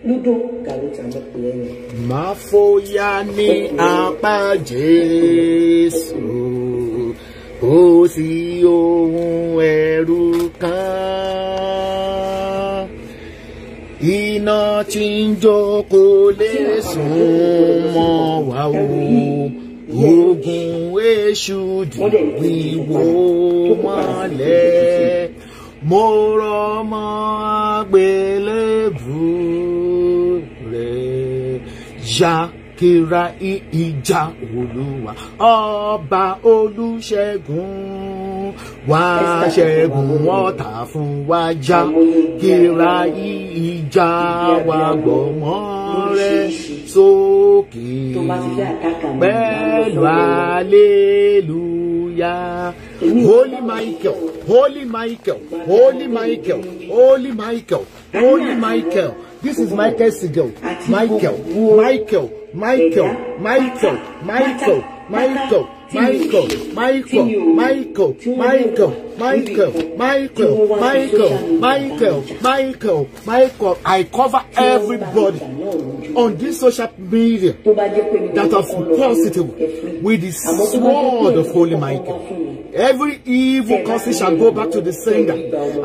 lúdó gàló tà mọ́ pé ẹ̀yìn. máa fòyà ní apá jésù kò sí ohun ẹ̀rù kan iná tí ń jó kò lè sùn mọ́ o ogun èṣù dùn wíwó mọ́lẹ̀ mo rọmọ àgbélébù rẹ̀ yá kíra ìjà olúwa ọba olùṣègùn wá ṣẹ́gun ọ̀tá fún wa já kíra ìjà wa gbọ̀mọ́ rẹ̀ sókè pẹ̀lú àlélùyà hallelujah holy michael holy michael holy michael holy michael holy michael this is michael sigel michael michael michael michael michael michael michael Michael, Michael, Michael, Michael, Michael, Michael, Michael, Michael, Michael, Michael. I cover everybody on this social media that are positive with the sword of Holy Michael. Every evil curse shall go back to the sender,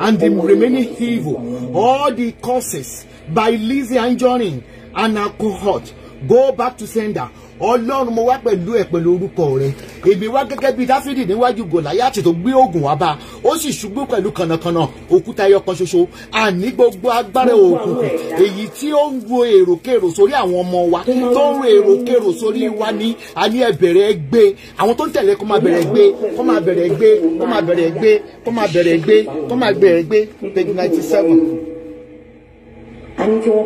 and the remaining evil, all the curses by Lizzie and Johnny and our cohort, go back to sender. Ọlọ́run mo wá pẹ̀lú ẹ̀ pẹ̀lú orúkọ rẹ̀ èmi wá gẹ́gẹ́ bíi dáfídì níwájú gòláyàtì tó gbé oògùn wá bá ó sì ṣubú pẹ̀lú kànnàkànnà òkúta ẹyọ kan ṣoṣo àní gbogbo agbára òògùn èyí tí ó ń ro èròkèrò sórí àwọn ọmọ wa tó ń ro èròkèrò sórí wa ní àní ẹbẹ̀rẹ̀ gbé àwọn tó ń tẹ̀lé kó máa bẹ̀rẹ̀ gbé kó máa bẹ̀rẹ̀ gbé kó máa bẹ̀rẹ̀ gbé kó máa bẹ̀rẹ̀ gbé kó máa bẹ̀rẹ̀ gbé page ninety seven. Hard here,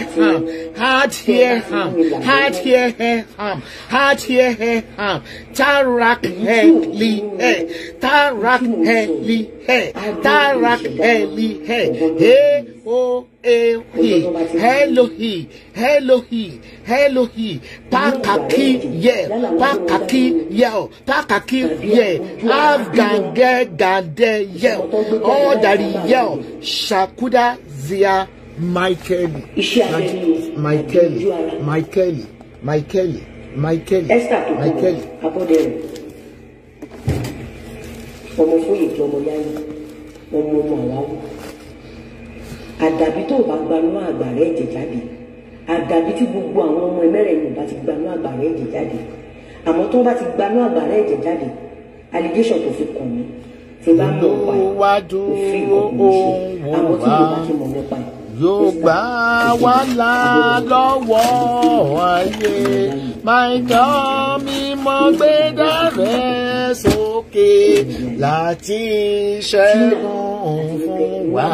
ham. Hard here, ham. Hard here, ham. Hard here, ham. Tarak heli he. Tarak heli he. Tarak heli he. Hey, oh. Elohi, Elohi, Elohi, Elohi, Pakaki, yeah, Pakaki, yeah, Pakaki, yeah, Afghan, Gande, yeah, all that, yeah, Shakuda, Zia, Michael, Michael, Michael, Michael, Michael, Michael. ọmọ fún ìjọmọ yáyí ọmọ ọmọ aláwọ àdàbí tó o bá gbanú àgbà rẹ ẹ̀jẹ̀ jáde àdàbí tí gbogbo àwọn ọmọ ẹlẹ́rìn bá ti gbanú àgbà rẹ ẹ̀jẹ̀ jáde àmọ́ tó bá ti gbanú àgbà rẹ ẹ̀jẹ̀ jáde allegation tó fi kàn mí tí bá mọ̀ pa ẹ̀ òfin ọ̀gbìn ṣe àmọ́ tí mo bá ti mọ̀ nípa ẹ̀ yóò gbà wá là lọ́wọ́ ayé máa ń mímọ́ gbé dá rẹ̀ sókè láti ṣẹ́gun fún wa.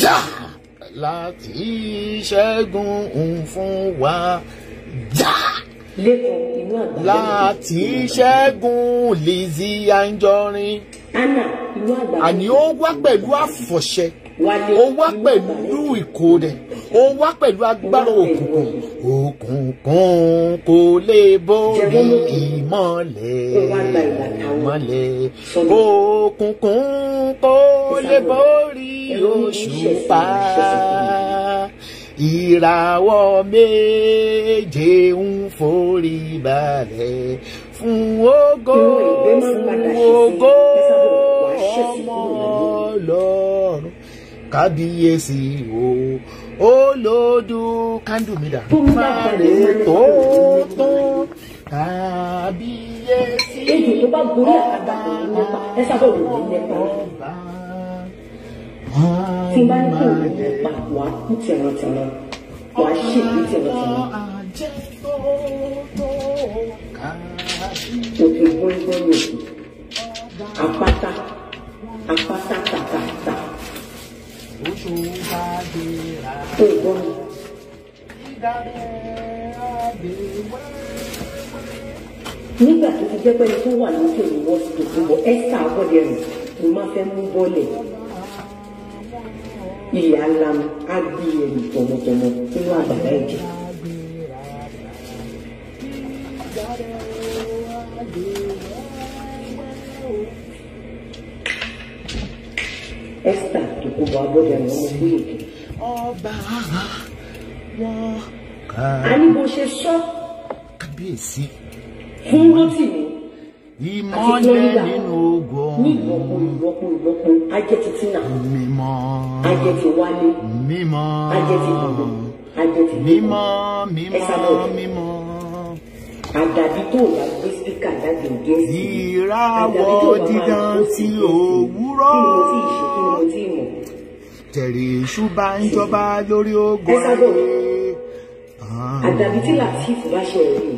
Jà! Láti ṣẹ́gun fún wa. Jà! Láti ṣẹ́gun Lizzy Anjorin. Àní ó wá pẹ̀lú àfọ̀ṣẹ. Ó wá pẹ̀lú ìkórè ó wá pẹ̀lú agbára òkùnkùn òkùnkùn kò lè borí ìmọ̀lẹ̀ ìmọ̀lẹ̀ òkùnkùn kò lè borí òṣùpá ìràwọ̀ méje ń forí balẹ̀ fún ògo fún ògo ọmọ ọlọ́run kábíyèsí o olódù kándù mi dà. fàrè tó tó kábíyèsí ọba ọba tí n bá ní kí n lè pa wàá kú tẹ̀rọ̀tẹ̀rọ̀ wàá ṣèlú tẹ̀rọ̀tẹ̀rọ̀. òkè gbóngbóng lòdì àpáta àpáta tàtàtà oṣù bá gbéra. nígbà tó ti jẹ́ pé ẹni tó wà lókè ní wọ́n ẹ́sà àbọ̀dẹ rẹ̀ ló máa fẹ́ mú bọ́ọ̀lẹ̀ ìyá ńlá mi á tọmọtọmọ nínú àgbàlá ẹ̀jẹ̀. Ẹ́sítà tó kó bọ abọ́dẹ̀rìn ọmọ ìlú èdè. ọba wọn ká. a ní bó ṣe nínú ogun ní ìlọ́po ìlọ́po ìlọ́po ajẹ́tì mímọ́. ajẹ́tì mímọ́. ajẹ́tì mímọ́ mímọ́ mímọ́ àdàbí tó wà gbé spíkà jáde ìjẹsìn ìràwọ̀ dídán sí òwúrọ̀ tí ì mọ̀. tẹ̀rí iṣu bá ń jọba lórí ogun ayé. àdàbí tí Latif bá ṣe òun.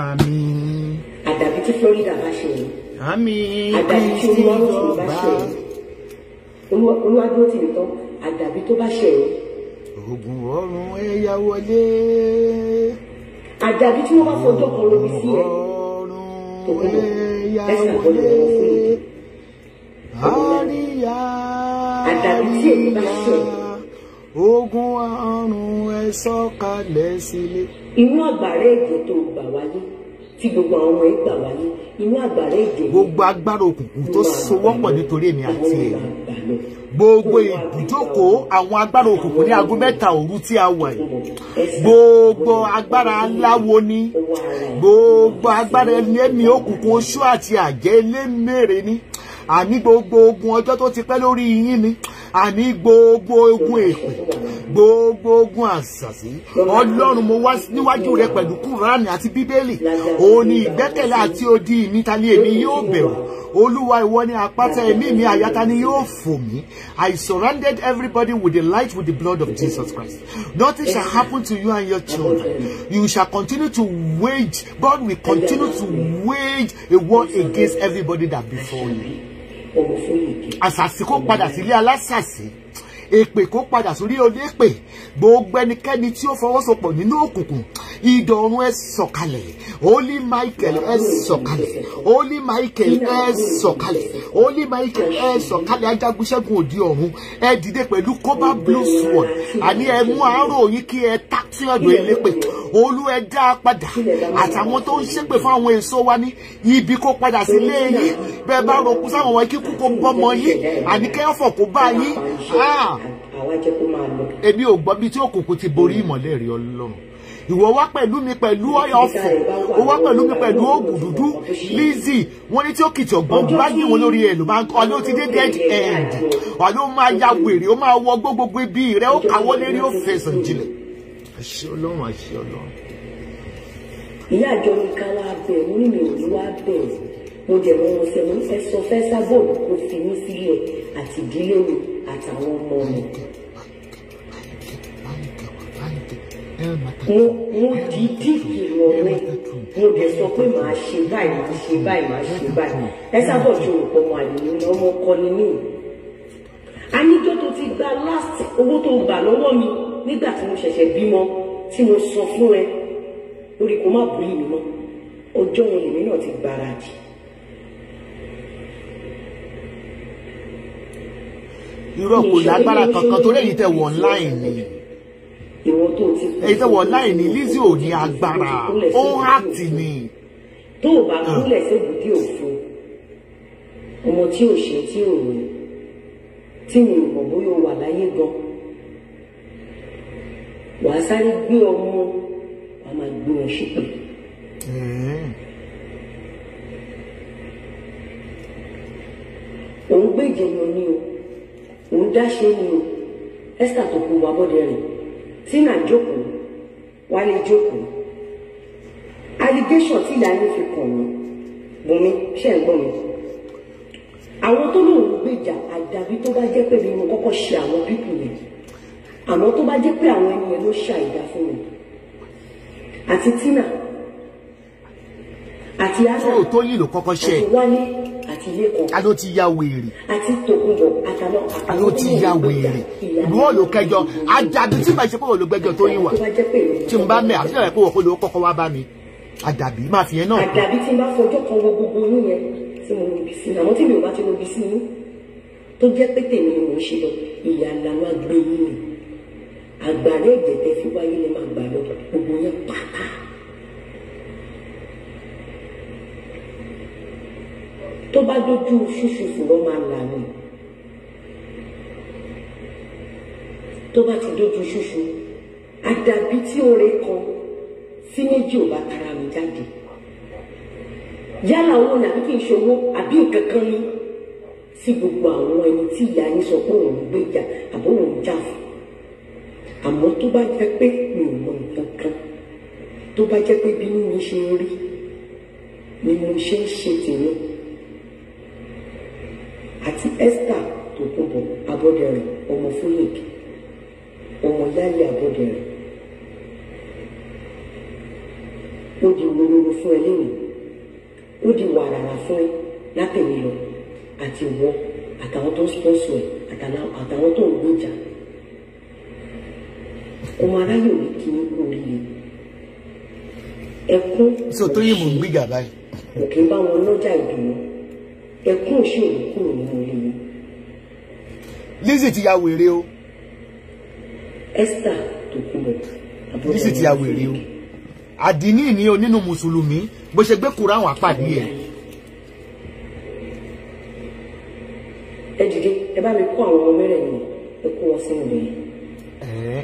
àmín. àdàbí tí Florida bá ṣe òun. àmín àdàbí tí olúwarọ̀sùn bá ṣe òun. olúwadúró tì mí tán àdàbí tó bá ṣe òun. ogun ọrùn ẹ̀yà wọlé. àdàbí tí wọ́n bá fọjọ́ kan lóbi sílẹ̀. ogun ọrùn ẹ̀yà wọlé. Hallelujah àdàlù tí èyí bá ṣe. ogun àrùn ẹ sọ̀kalẹ̀ sílé. inú àgbàrá èdè tó gbà wáyé tí gbogbo àwọn ọmọ ẹ gbà wáyé inú àgbàrá èdè. gbogbo agbára òkùnkùn tó sowọ́pọ̀ nítorí èmi àti ẹ̀ gbogbo ìbùjókòó àwọn agbára òkùnkùn ní aago mẹ́ta òru tí a wà yìí gbogbo agbára aláwo ni gbogbo agbára ẹlẹ́mìí òkùnkùn oṣù àti àjẹ́ ẹlẹ́mẹ̀rẹ̀ ni àní gbogbo ogun ọjọ́ tó ti pẹ́ lórí yín ni àní gbogbo ogun èpè gbogbo ogun àṣàṣì ọlọ́run mo wá níwájú rẹ pẹ̀lú kúránì àti bíbélì òun ni ìgbẹ́kẹ̀lé àti odi ìmítálí èmi yóò bẹ̀rù Olúwa ìwọ ni àpáta ẹ̀mí mi àyàtá ni yóò fò mí. I surrounded everybody with the light with the blood of Jesus Christ. Nothing shall happen to you and your children. You shall continue to wage, God will continue to wage a war against everybody that before you ọmọ Foyeke. àṣàsí kó padà sílé alásàsí èpè kó padà sórí olépè gbogbo ẹnikẹ́ni tí ó fọwọ́sopọ̀ nínú òkùnkùn ìdọ̀rùn ẹ sọ̀kalẹ̀ holy michael ẹ sọ̀kalẹ̀ holy michael ẹ sọ̀kalẹ̀ holy michael ẹ sọ̀kalẹ̀ ajagunṣẹ́gun òdi ọ̀run ẹ dìde pẹ̀lú cobra blue sword àní ẹ mú àárò yín kí ẹ ta sí ọ̀dọ̀ elépè olú ẹ dá a padà àtàwọn tó ń ṣépè fún àwọn èso wa ní ibi kó padà sí ilé yín bẹ́ẹ̀ bá rokú sáwọn ọmọ ikú kó bọ́mọ yín àní kẹ́yọ̀fọ̀ kó bá yín. Ah wá jẹ́ kó máa lọ. èmi ò gbọ́ bí tí òkùnkùn ti borí ìmọ̀lẹ́ rí ọlọ́run ìwọ wá pẹ̀lú mi pẹ̀lú ọ̀fọ̀ ó wá pẹ̀lú mi pẹ̀lú oògùn dúdú Lizzy wọ́n ní tí ó kìtì ọ̀gbọ́n bá wọn lórí ẹ̀ ló máa ń kọ́ ló ti dé dead end ọ̀ló máa ya wèrè ó máa wọ gbogbogbò ibi rẹ̀ ó kàwọ́ lérí ó fẹsẹ̀ jinlẹ̀ àṣẹ ọlọ́run àṣẹ ọlọ́run. ìyá àjọ mi ká bẹ̀ mú mi ò ní wá bẹ̀ mo dẹ̀ mọ́ wọn sẹ́ mo ń fẹ́ sọ fẹ́ sábò mo fi mí sílẹ̀ àti ìdílé mi àtàwọn ọmọ mi. mo mo dìídì ìrọ̀ mi mo dẹ̀ sọ pé màá ṣe báyìí màá ṣe báyìí màá ṣe báyìí ẹ sábọ̀ tí olùkọ́ mọ àlùyé ni ọmọ ọkọ ni mí. aníjọ́ tó ti gba last owó tó gbà lọ́wọ́ mi nígbà tí mo ṣẹ̀ṣẹ̀ bímọ tí mo sọ fún ẹ lórí kó má bùrì mi mọ́ ọjọ́ yẹn náà ti gbáradì. irọ́ kò lágbára kankan torí èyí tẹ wọ online ni èyí tẹ wọ online ni Lizzy ò ní agbára ó ń hàtì ni. tó o bá ah. kúnlẹ̀ sébùdí òfin ọmọ tí ò ṣe tí ò rò tí mi ò mọ̀ bóyá o wà láyé gan wàá sáré gbé ọmọ wàá máa gbé wọn ṣépè. òun gbèjẹ lọ ní o òun dáṣe ni o Esther tó kú wa bọ́dẹ rìn Tina jókòó Wálé jókòó allegation tí ìlànà fi kàn mí Bùnmi ṣe ń gbọ́ mi àwọn tó lóun gbèjà àdàbí tó bá jẹ́ pé mi mo kọ́kọ́ ṣe àwọn pípù yẹn àmọ́ tó bá jẹ́ pé àwọn ẹni yẹn ló ṣe àìdá fún mi àti Tina àti Asa àti Wálé aló ti ya wèrè aló ti ya wèrè ìlú òòlù kẹjọ àjàdù tí màá ṣe pé òòlù gbẹjọ tó yín wà tí n bá mẹ àti ìrẹ̀ pé òòlù kọ́kọ́ wá bá mi àdàbí máa fi yẹn náà. àdàbí tí n bá fọjọ́ kan wọ gbogbo inú yẹn tí mo lòbí sí àmọ́ tí mi ò bá ti lòbí sí inú tó jẹ́ pé tèmi ni ń ṣe lọ ìyá làwọn agbẹ́yìn ni ni màá tó bá dójú fífìfò ló máa là ní tó bá ti dójú ṣoṣo àdàbí tí oore kan sí méjì ò bá tara mi jáde yálà owó nàbí kì í ṣòwò àbí nǹkan kan ní sí gbogbo àwọn ẹni tí ìyá yín sọ pé òun gbé jà àbó òun jà fún àmọ́ tó bá jẹ́ pé mi ò mọ nǹkan kan tó bá jẹ́ pé bínú mi ṣe ń rí ni mo ṣe ń ṣe tèmi àti Esther Tokunbo Abọ́dẹ̀rìn ọmọ Fúyèkì ọmọ Yálé Abọ́dẹ̀rìn ó di wúrúwúrú fún ẹ lẹ́yìn ó di wàràrà fún ẹ látẹ̀yìn lọ àti wọ àtàwọn tó ń spọ́nsù ẹ àtàwọn tó ń gbèjà ọmọ aráyè òní kì í kú oríire ẹkún. so Tóyìnbó ń gbìjà báyìí. òkè bá wọn lọ́jà ìdùnnú ẹkún ìṣòro kúrò nínú ilé mi. Lizzy ti ya wèrè o. Esther tó kú lọ. Lizzy ti ya wèrè o. àdínní ni o nínú mùsùlùmí bó ṣe gbé kura àwọn àpàdé ẹ. ẹ dìde ẹ bá mi kó àwọn ọmọ mẹ́rẹ̀ yìí ẹ kó wọn sínú rẹ̀.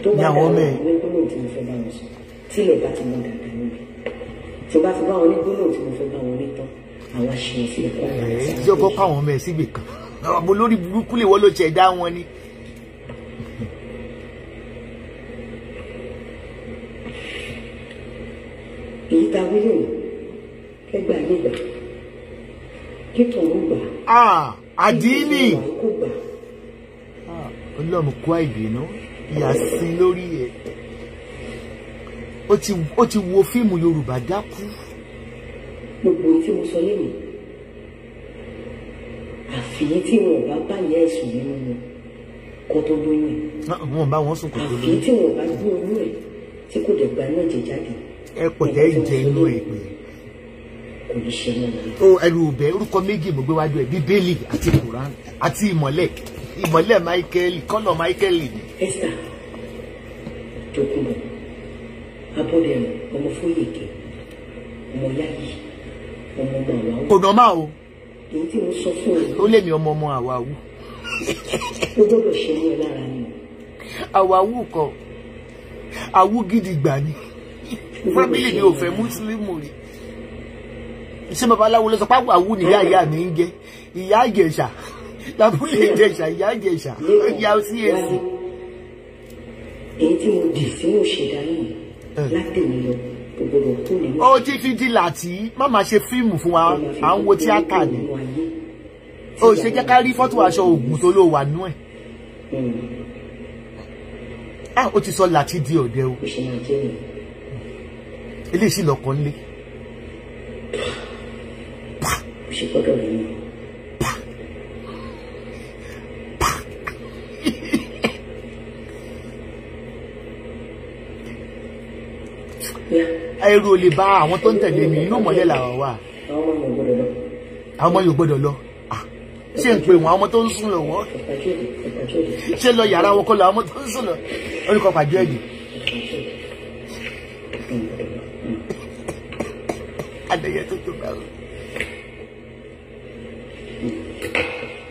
tó bá dáa ní gbólóhùn tí mo fẹ́ bá wọn sọ tílẹ̀ bá ti mú dáadáa níbi tí mo bá ti bá wọn ní tí mo fẹ́ bá wọn ní tán àwọn ṣe ìfilẹ̀kọ́ ìrìn àti ìjọba káwọn ọmọ ẹ̀ sígbè kan ọmọ olórí burúkú lè wọ́n ló jẹ dá wọn ni. èyí ta wílò kẹgbà nígbà kíkọ̀ọ́ gbà. àdínì ọlọ́run kó àìgbéná ìyà sí lórí ẹ̀ ó ti wo fíìmù yorùbá dákú gbogbo tí mo sọ lẹ́nu àfi tí wọn ò bá bá yẹ ẹ̀sùn nínú wọn kó tó lóyún ẹ̀. Ah, wọn bá wọn sùn kó tó lóyún. àfi tí wọn ò bá gbé oyún ẹ̀ tí kò dẹ̀ gba náà jẹ jáde. ẹ kò jẹ́ ìjẹ inú ẹ̀ pé. kò ní ṣe mọ́ mi. ó ẹrù ọbẹ̀ orúkọ méjì mo gbé wájú ẹ̀ bíbélì àti koran àti ìmọ̀lẹ̀ ìmọ̀lẹ̀ michael kọ́nà michael ni. esther jokunmọ̀ abọ́dẹ̀rùn ọmọ fóyèké ọmọ yáyì kò nọ́mà o ó lè mi ọmọ ọmọ àwáwù àwáwù kọ àwù gidi gbà ni fábílì mi ò fẹ́ mùsùlùmù rí ṣé babaláwo ló sọ pé àwù nìyá ìyá mi ń jẹ ìyá ìjẹ̀ṣà lábúlé ìjẹ̀ṣà ìyá ìjẹ̀ṣà ìyá sí èsì. èyí tí mo dì sínú ìṣèdáyé látẹ̀mí lọ ó jí fídí láti má máa ṣe fíìmù fún wa à ń wo tíátà ni ó ṣe jẹ́ ká rí fọ́tò aṣọ òògùn tó ló wà nú ẹ̀ ah ó ti sọ láti di òde o eléyìí sì lọkọ nílé pa pa pa yeah ẹrù ò lè bá àwọn tó ń tẹ̀lé mi inú mọ́lẹ̀ làwọn wà àwọn ọmọ yóò gbọ́dọ̀ lọ ah, ṣé ń pe wọn àwọn ọmọ tó ń sùn lọ wọn ṣé lọ yàrá wọn kọ́ lọ àwọn ọmọ tó ń sùn lọ orúkọ pàjọ ẹ̀dì adẹyẹ tó tó bá wọn.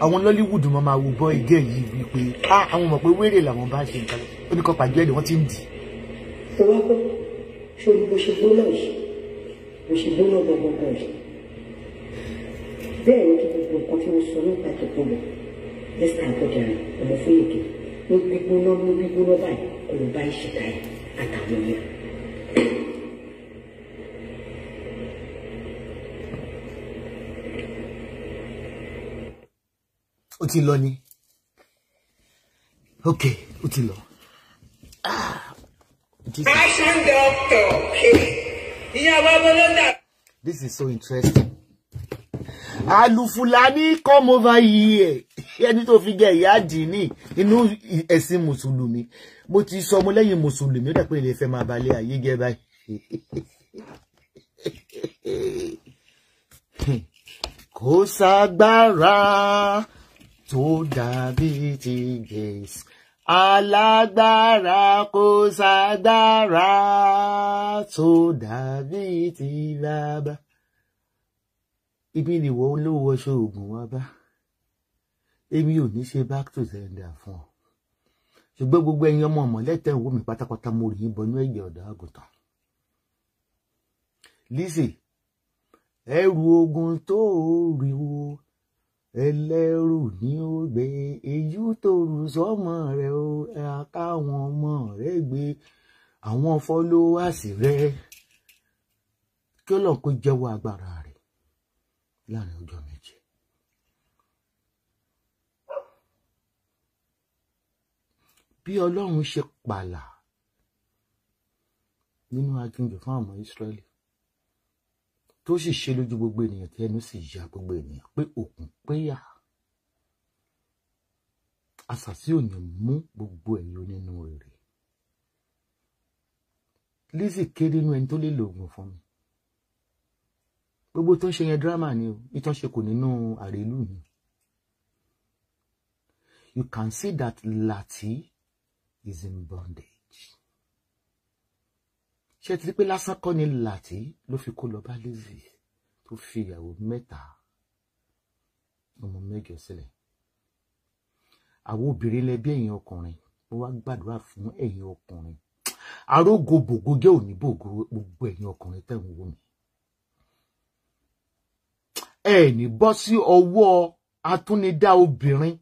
àwọn Lollywood mọ máa wo bọ́ ìgé yìí wípé ah, àwọn mọ̀ pé wéré làwọn bá ṣe nǹkan orúkọ pàjọ ẹ̀dì wọ́n ti ń dì sórí bó ṣe gbóná yìí bó ṣe gbóná gbọgbọgbọ yìí bẹ́ẹ̀ ni kí gbogbo nǹkan tí mo sọ nípa o lẹ́sà àgọ́dàrin ọmọ fúyèké ló gbígbóná ló gbígbóná báyìí kò ló bá ìṣẹ̀dá yìí àtàwọn yẹn. ó ti lọ ni ok o ti lọ. Fashion doctor. This is so interesting. Alufulani come over here. Ẹni tó fi jẹ ìyá dìní inú ẹ̀sìn Mùsùlùmí. Mo ti sọ ọmọ lẹ́yìn Mùsùlùmí ó dàpẹ́ ilé fẹ́ máa balẹ̀ ayé jẹ́ báyìí. Kò ságbára tó dàbí ti Jésù alágbára kò ságbára tó dàbí ti bàbá. ibi nìwọ olówó ọṣọ oògùn wa bá èmi ò ní ṣe back to sender fún ọ ṣùgbọ́n gbogbo ẹ̀yin ọmọ ọ̀mọ̀lẹ́tẹ̀ wò mí pátápátá mo rí yín bọnú ẹ̀jẹ̀ ọ̀dọ́ àgùntàn. Lizzy ẹrù ogun tó rí wo ẹlẹ́rù ni ó gbé èyí tòrù sọ́mọ rẹ̀ o ẹ̀ka káwọn ọmọ rẹ̀ gbé àwọn fọ́lọ́wàsì rẹ̀ kí ọlọ́run kó jẹ́wọ́ agbára rẹ̀ láàrin ọjọ́ méje. bí ọlọ́run ṣe pààlà nínú aginjù fún àwọn Ísírẹ́lì tó sì ṣe lójú gbogbo ènìyàn tí ẹnu sì ya gbogbo ènìyàn pé òkun péyà àṣàsí ò mú gbogbo ẹ̀yin onínú rere Lizzy kéré inú ẹni tó lè lo oògùn fún mi gbogbo tó ń ṣe yẹn dírámà ni o ìtàn ṣe kò nínú àrélù mi you can see that Lati is in bondage ṣé ti pé lásán kọ́ ni làtí ló fi kó lọ bá Lizzy tó fi ìyàwó mẹ́ta ọmọ mẹ́jọ sílẹ̀ àwọn obìnrin lẹbi ẹ̀yin ọkùnrin mo wá gbàdúrà fún ẹ̀yin ọkùnrin arógo bògógé òní bògó gbogbo ẹ̀yin ọkùnrin tẹ̀ ń wò mí ẹ ní bọ́ sí ọwọ́ atúnidá obìnrin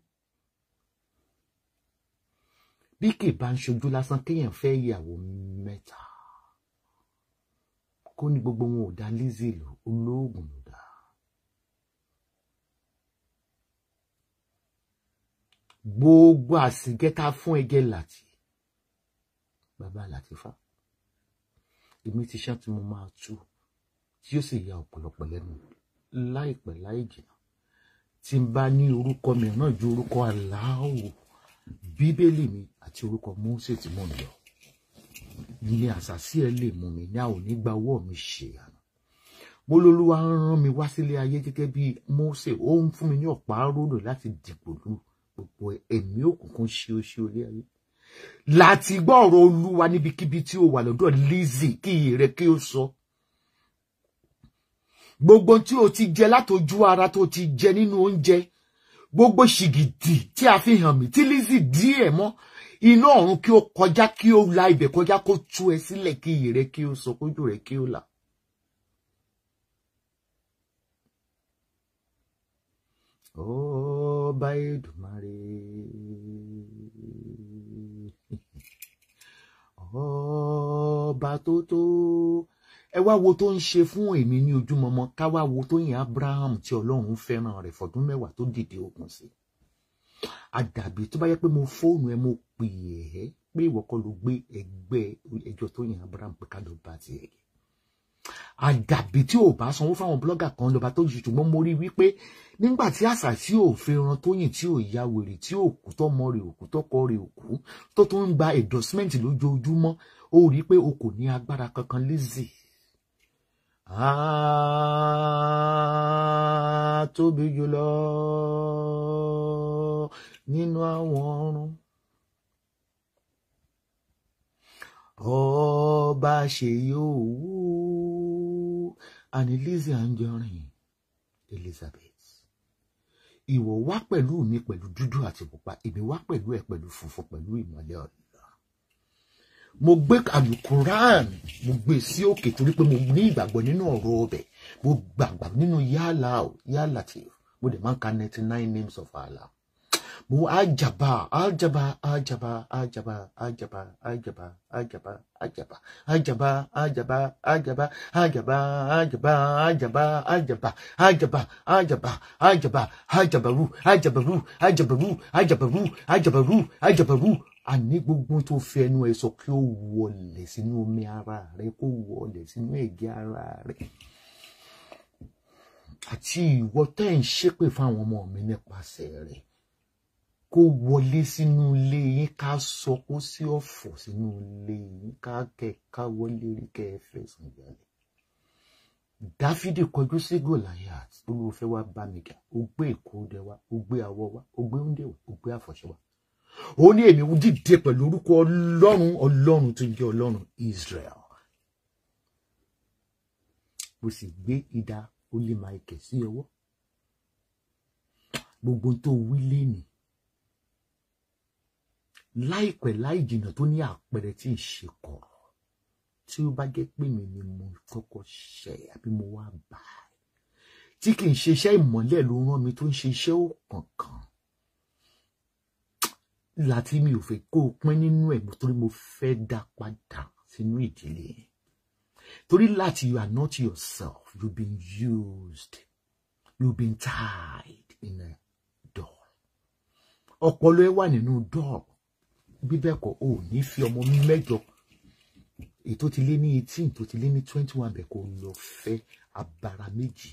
bí kì bá ń ṣojú lásán kéèyàn fẹ́ ìyàwó mẹ́ta kó ní gbogbo wọn ò dá Lizzy lò olóògùn ló dá. gbogbo àsìgẹ́ta fún ẹgẹ́ láti bàbá Latifa èmi ti ṣá tí mo máa tú tí ó sì ya ọ̀pọ̀lọpọ̀ lẹ́nu láìpẹ́ láì jìnnà tí n bá ní orúkọ mìíràn ju orúkọ aláwọ̀ bíbélì mi àti orúkọ Mósè tí mò ń lọ ni àṣàsí ẹ lè mú mi ní a ò ní gba ọwọ́ mi ṣe àná mo lolúwa ń rán mi wá sílé ayé gẹ́gẹ́ bí Mósè ó ń fún mi ní ọ̀pá ròdò láti dìbò lu gbogbo ẹ̀mí òkùnkùn ṣe oṣù olé ayé láti gbọ́ ọ̀rọ̀ olúwa níbikíbi tí o wà lọ́dọ̀ Lizzie kí ire kí o sọ gbogbo tí o ti jẹ látojú ara tó ti jẹ nínú oúnjẹ gbogbo ṣìgìdì tí a fi hàn mí tí Lizzie díẹ̀ mọ́ iná ọ̀run kí ó kọjá kí ó la ibẹ̀ kọjá kó tú ẹ sílẹ̀ kí iyì rẹ kí ó sọ kójú rẹ kí ó là. ọba Èdùmàrè ọba tó ẹ wá wo tó ń ṣe fún èmi ní ojúmọmọ ká wá wo tó Abraham tí Ọlọ́run fẹ́ràn rẹ̀ fọdún mẹ́wàá tó dìde ogun sí i àdàbí tó bá yẹ pé mo fóònù ẹ mo pè ẹ pé ìwọ kọ́ ló gbé ẹgbẹ́ ẹjọ́ tó yàn Abraham pé ká lọ bá ti ẹ àdàbí tí ò bá sanwó fáwọn blọgà kan lọba tó ju ṣùgbọ́n mo rí wípé nígbà tí àṣà tí ò fẹ́ràn tóyìn tí ò ya wèrè tí ò kú tọmọ rẹ̀ òkú tọkọ rẹ̀ òkú tó tún ń gba endorsement lójoojúmọ́ ó rí pé o kò ní agbára kankan lézìí a tóbi jùlọ nínú àwọn ọ̀run ọba ṣèyí òwú anilise anjọrin Elizabeth ìwọ wá pẹ̀lú mi pẹ̀lú dúdú àti pupa èmi wá pẹ̀lú ẹ pẹ̀lú funfun pẹ̀lú ìmọ́lẹ̀ ọ̀la mo gbé alukuran mo gbé sí òkè torí pé mo ní ìgbàgbọ́ nínú ọ̀rọ̀ ọbẹ̀ mo gbàgbà nínú yálà yálà tí mo dẹ̀ máa ń ka ninety nine names of Allah mo ajaba ajaba ajaba ajaba ajaba ajaba ajaba ajaba ajaba ajaba ajaba ajaba ajaba ajaba ajaba ajaba ajaba ajaba ajabaru ajabaru ajabaru ajabaru ajabaru ajabaru àní gbogbo tó fi ẹnu ẹ sọ kí ó wọlẹ̀ sínú omi ara rẹ kó wọlẹ̀ sínú ẹ̀gẹ́ ara rẹ àti ìwọ tẹ́ ń ṣépè fáwọn ọmọ mi nípasẹ̀ rẹ kó wọlé sínú ilé yín ká sọ kó sí ọ̀fọ̀ sínú ilé yín ká kẹ wọlé rí kẹ ẹ fẹ̀sùn dáfídì kọjú sí gòláyàt olùfẹ́ wa bá mi jà ó gbé ìkóúdẹ wa ó gbé awọ wa ó gbé oúnjẹ wa ó gbé àfọ̀ṣẹ wa ó ní èmi dìde pẹ̀lú orúkọ ọlọ́run ọlọ́run tó jẹ́ ọlọ́run Israel mo sì gbé idà olè maike sí ọwọ́ gbogbo tó wí lénìí láìpẹ́ láì jìnnà tó ní àpẹẹrẹ tí ì ṣe kọ̀rọ̀ tí ó bá jẹ́ pé mi ni mo kọ́kọ́ ṣe àbí mo wá bá a tí kì í ṣe iṣẹ́ ìmọ́lẹ̀ ló rán mi tó ń ṣe iṣẹ́ òkànkàn ìlà tí mi ò fẹ́ kó o pín nínú ẹ̀ torí mo fẹ́ dá padà sínú ìdílé torí láti you are not yourself you been used you been tied in a doll ọpọlọ ẹ wà nínú doll bíbẹ́ẹ̀kọ́ ò ní fi ọmọ mẹ́jọ ètò ti lé ní eighteen tó ti lé ní twenty one bẹ̀ kó lọ fẹ́ abara méjì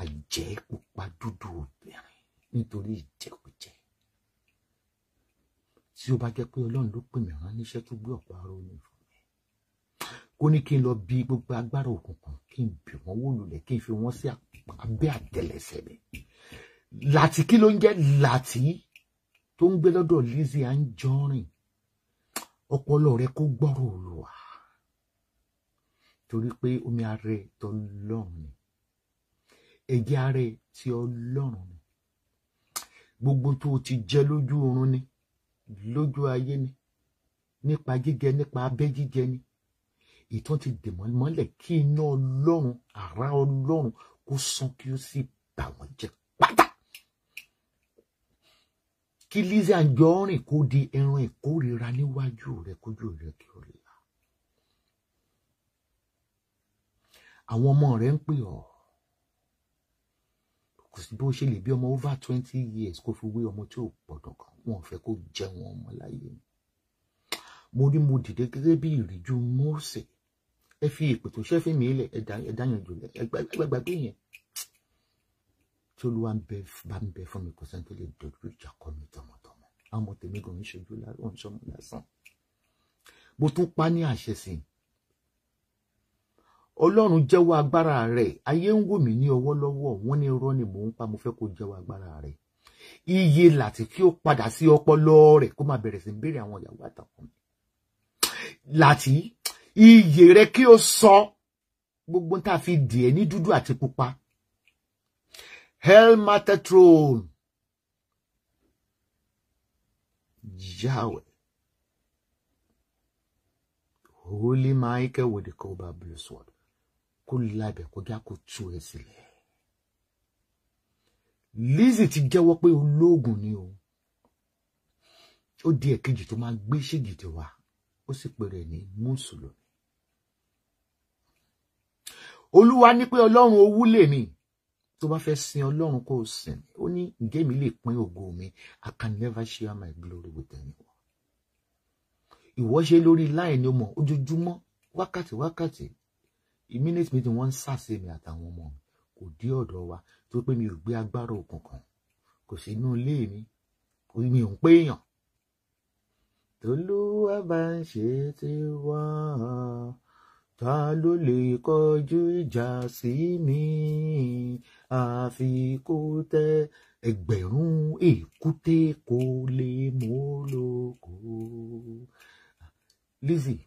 àjẹ́ pupa dúdú obìnrin nítorí ìjẹkújẹ tí ó bá jẹ́ pé ọlọ́run ló pè mí rán níṣẹ́ tó gbé ọ̀pọ̀ ara omi fún mi kó ní kí n lọ bi gbogbo agbára òkùnkùn kí n bì wọ́n wó lulẹ̀ kí n fi wọ́n sí abẹ́ àtẹlẹsẹ̀ mi làtí kí ló ń jẹ́ làtí tó ń gbé lọ́dọ̀ Lizzy Anjorin ọpọlọ rẹ kó gbọ́rọ̀ Olúwa torí pé omi ààrẹ tọlọ́run ni ẹ̀jẹ̀ ààrẹ ti Ọlọ́run ni gbogbo tó ti jẹ lójú oorun ni lójú ayé ni nípa jíjẹ nípa abẹ́ jíjẹ ni ìtàn ti dè wọ́n mọ́lẹ̀ kí iná ọlọ́run àrá ọlọ́run kó sán kí ó sì bà wọ́n jẹ pátá kí Lizzy Anjorin kó di ẹran ìkórira níwájú rẹ kójú rẹ kí o là àwọn ọmọ rẹ ń pè ọ́ kò sí bó ṣe lè bí ọmọ over twenty years kó fi wé ọmọ tí ò gbọ́dọ̀ kan wọn fẹ́ kó jẹun ọmọ láyé mi mo rí mo dìde gẹ́gẹ́ bí ìrìjú Mósè ẹ fi ìpè tó ṣẹ́ fún mi lẹ̀ ẹ̀dá yẹn jùlẹ̀ ẹgbàgbà bí yẹn tí olúwa bá ń bẹ fún mi kò sẹ́ni tó lè dojú ìjà kọ mi tọmọtọmọ àwọn ọmọ tèmi gan ń ṣojú láàrú ọ̀nṣọ́mọ lásán mo tún pa ní àṣẹ sí i ọlọ́run jẹ́wọ́ agbára rẹ̀ ayé ń wò mí ní ọwọ́ lọ́wọ́ wọ́n ní irọ́ ni mò ń pa mo fẹ́ kó jẹ́wọ́ agbára rẹ̀ iye láti kí ó padà sí ọpọlọ rẹ̀ kó máa bẹ̀rẹ̀ sí ń béèrè àwọn ìyàwó àtàkùn láti iye rẹ̀ kí ó sọ gbogbo tá a fi dì ẹ́ ní dúdú àti pupa helmatetron Yahweh Holy Michael with the cobalt blue sword kó la ibẹ̀ kọjá kó tú ẹ sílẹ̀ Lizzy ti jẹ́wọ́ pé olóògùn ni o ó di ẹ̀kejì tó máa gbé ṣègìdì wá ó sì pèrè ní mùsùlùmí olúwa ní pé ọlọ́run owú lèmi tó bá fẹ́ sin ọlọ́run kó o sìn ó ní ǹjẹ́ mi lè pín ògo mi i can never share my glory with anyone ìwọ ṣe lórí láì ní o mọ̀ ojoojúmọ́ wákàtí wákàtí minute méjì wọ́n ń sàṣe mi àtàwọn ọmọ mi kò dé ọ̀dọ̀ wa to pé mi ò gbé agbára òkùnkùn kò sí inú ilé mi mi ò ń pé èèyàn tolúwa bá ń ṣe ta ló lè kọjú ìjà sí mi àfi kó tẹ ẹgbẹ̀rún èkúté kó lè mú lóko Lizzie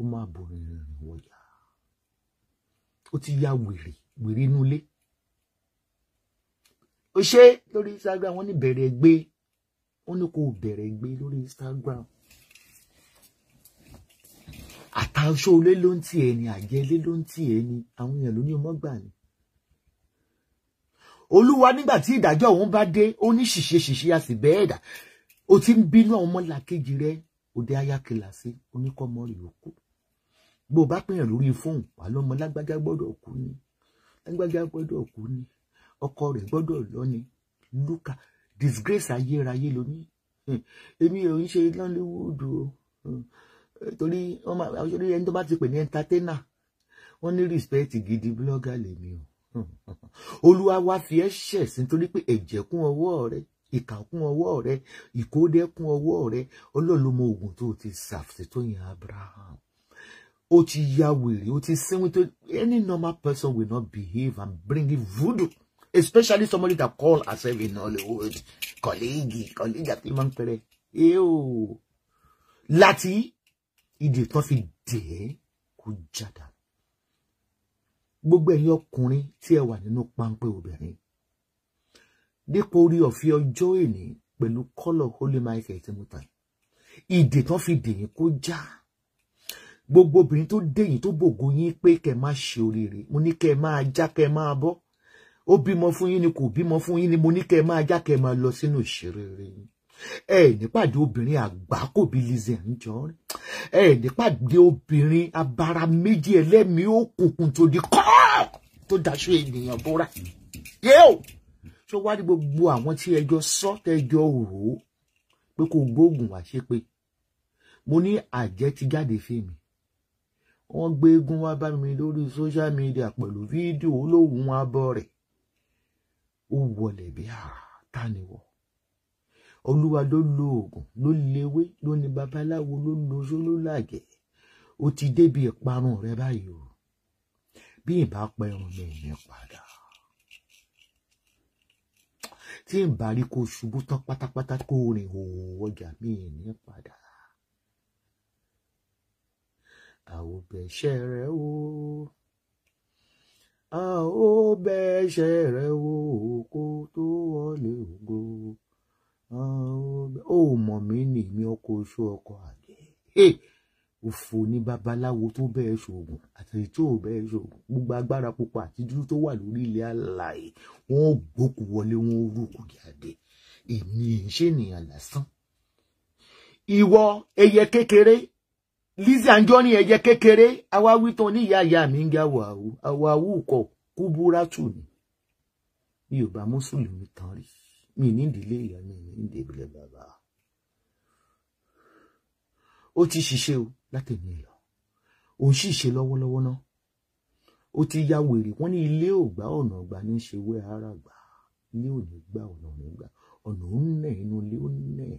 ó máa bò rìnrìn wọ̀yà ó ti ya wèrè wèrè inú ilé ó ṣe lórí Instagram wọ́n ní bẹ̀rẹ̀ gbé wọ́n ní kò bẹ̀rẹ̀ gbé lórí Instagram àtàṣọ olé ló ń tì ẹ ni àjẹlé ló ń tì ẹ ni àwọn èèyàn ló ní ọmọ gbà ni olúwa nígbà tí ìdájọ́ òun bá dé ó ní ṣìṣe ṣìṣe a sì bẹ́ẹ̀ dà ó ti ń bínú àwọn ọmọlàkejì rẹ̀ òde ayákẹlà sí oníkọ́mọ òkú bó o bá pèèyàn lórí fóun wà lọ́mọ lágbájá gbọ́dọ̀ kú ni lágbájá gbọ́dọ̀ kú ni ọkọ rẹ̀ gbọ́dọ̀ lọ ni lúkà disgrace ayérayé lóní hmm. èmi ò ń ṣe Nollywood o hmm. torí wọn máa torí ẹni tó bá ti pè ní entertainer wọn ní respect gidi blogger lèmi o hmm. olúwa wa fi ẹ́ ṣẹ̀ sí nítorí pé ẹ̀jẹ̀ kún ọwọ́ rẹ ìkà kún ọwọ́ rẹ ìkódé kún ọwọ́ rẹ ọlọ́run mọ tó ti ṣàfìṣe tó yẹn Abraham ó ti ya wèrè ó ti sínwín tó any normal person will not behave and bring in voodoo especially somebody that call herself in Hollywood colleague colleague àti máa ń pẹrẹ eo láti ìdè tó fi dè é kó jàdá gbogbo ẹ̀yin ọkùnrin tí ẹ wà nínú páńpẹ́ obìnrin dípò orí ọ̀fẹ́ ọjọ́ èní pẹ̀lú kọ́lọ̀ holy michael tí mo tàn ìdè tó fi dè é kó jà gbogbo obìnrin tó déyìn tó bògo yín pé kẹ́ máa ṣe oríire mo ní kẹ́ máa já kẹ́ máa bọ́ ó bímọ fún yín ni kò bímọ fún yín ni mo ní kẹ́ máa já kẹ́ máa lọ sínú ìṣerere yín ẹ nípàdé obìnrin àgbákòbí Lizzy Anjorin ẹ nípàdé obìnrin abara méjì ẹlẹ́mìí òkùnkùn tó di kọ́ tó daṣọ ènìyàn bóra yóò ṣó wá ní gbogbo àwọn tí ẹjọ́ sọ tẹjọ́ rò ó pé kò gbóògùn àṣepé mo ní àjẹ ti jáde fèmí wọ́n gbé eégún wá bá mi lórí social media pẹ̀lú fídíò olóhùn abọ́ rẹ̀ ó wọlé bí ara tániwọ̀ olúwa ló lo oògùn ló léwé ló ní babaláwo ló lo oṣó ló làgẹ̀ ó ti débi ìparun rẹ báyìí o bí ìbá pa irun mi ní padà tí n bá ṣubú tán pátápátá kó rìn òwò ọjà mi ní padà a ò bẹ̀ṣẹ̀ rẹ̀ wò a ò bẹ̀ṣẹ̀ rẹ̀ wò kó tó wọlé ògo ó mọ̀ mí nì mí ọkọ oṣù ọkọ àgbẹ̀ òfò ní babaláwo tó bẹ́ẹ̀ ṣoògùn àtẹ̀yìn tó bẹ́ẹ̀ ṣoògùn gbogbo agbára pupa àti dúdú tó wà lórí ilẹ̀ alàyè wọ́n gbókù wọlé wọ́n rúkú jáde èmi ìṣènìyàn lásán ìwọ ẹyẹ kékeré Lizzy anjoni ẹ̀jẹ̀ kékeré àwa wí tán ní ìyá ìyá mi ń gé àwọ̀ àwù àwọ̀ àwù kọ̀ kúbúrátù ni mi ò bá mùsùlùmí tán rí mi ní ìdílé ìyá mi ní ìdílé bàbá ó ti ṣiṣẹ́ o látẹ̀mí lọ ò ń ṣiṣẹ́ lọ́wọ́lọ́wọ́ náà ó ti ya wèrè wọ́n ni ilé ò gbá ọ̀nà ọ̀gbà ní ṣe wé ara gbà ilé ò ní gbà ọ̀nà ní gbà ọ̀nà ò ń inú ilé ó ń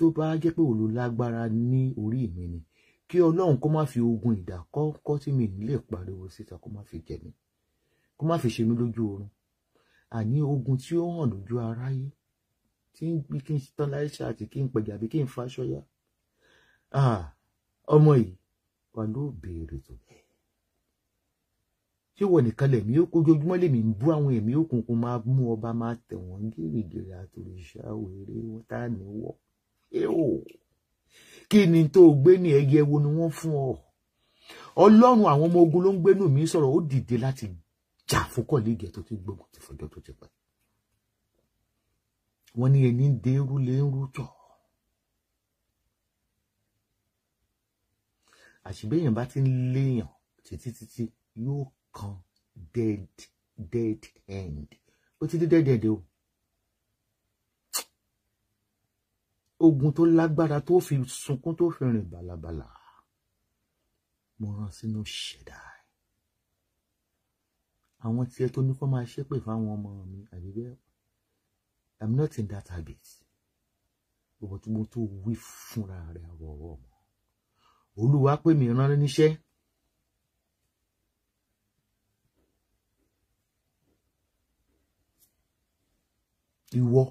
tó bá jẹ́ pé òòlù lágbára ní orí mi ni kí ọlọ́run kó má fi ogun ìdá kọ́kọ́ tí mi nílé pariwo síta kó má fi jẹ mí kó má fi ṣe mí lójú oorun àní ogun tí ó hàn lójú aráyé tí ń bí kí n tán láyé ṣáàtì kí n pẹ̀jà àbí kí n faṣọ yá ọmọ yìí wà ló béèrè tó ṣé wọ nìkan lẹ̀mí ó kojoojúmọ́ lèmi ń bú àwọn ẹ̀mí òkùnkùn máa mú ọba máa tẹ̀ gírígírí àtòrìṣà wèrè wọ́n tá à ní wọ́ọ́ kí ni tó gbé ní ẹyẹ ni wọ́n fún ọ ọlọ́run àwọn ọmọ ogun ló ń gbénú mi sọ̀rọ̀ ó dìde láti jà fún kọ̀lẹ́gẹ̀ tó ti gbógun ti fọjọ́ tó ti pẹ́ wọ́n ní ẹni ń dérú lé ń rújọ́ àṣìbẹ́yìn bá ti ń léèyàn títí títí yóò kan dead dead end ó ti dé dead end o. ogun tó lágbára tó fi sunkún tó fi rìn bàlàbàlà mo rán sínú ṣẹ̀dá àwọn tiẹ̀ tó ní kó máa ṣépè fáwọn ọmọ mi àbí bẹ́ẹ̀ i'm not in that habit gbogbo tí mo tó wí fúnra rẹ̀ àwọ̀wọ̀ mọ́ olúwa pè mí rán níṣẹ́. ìwọ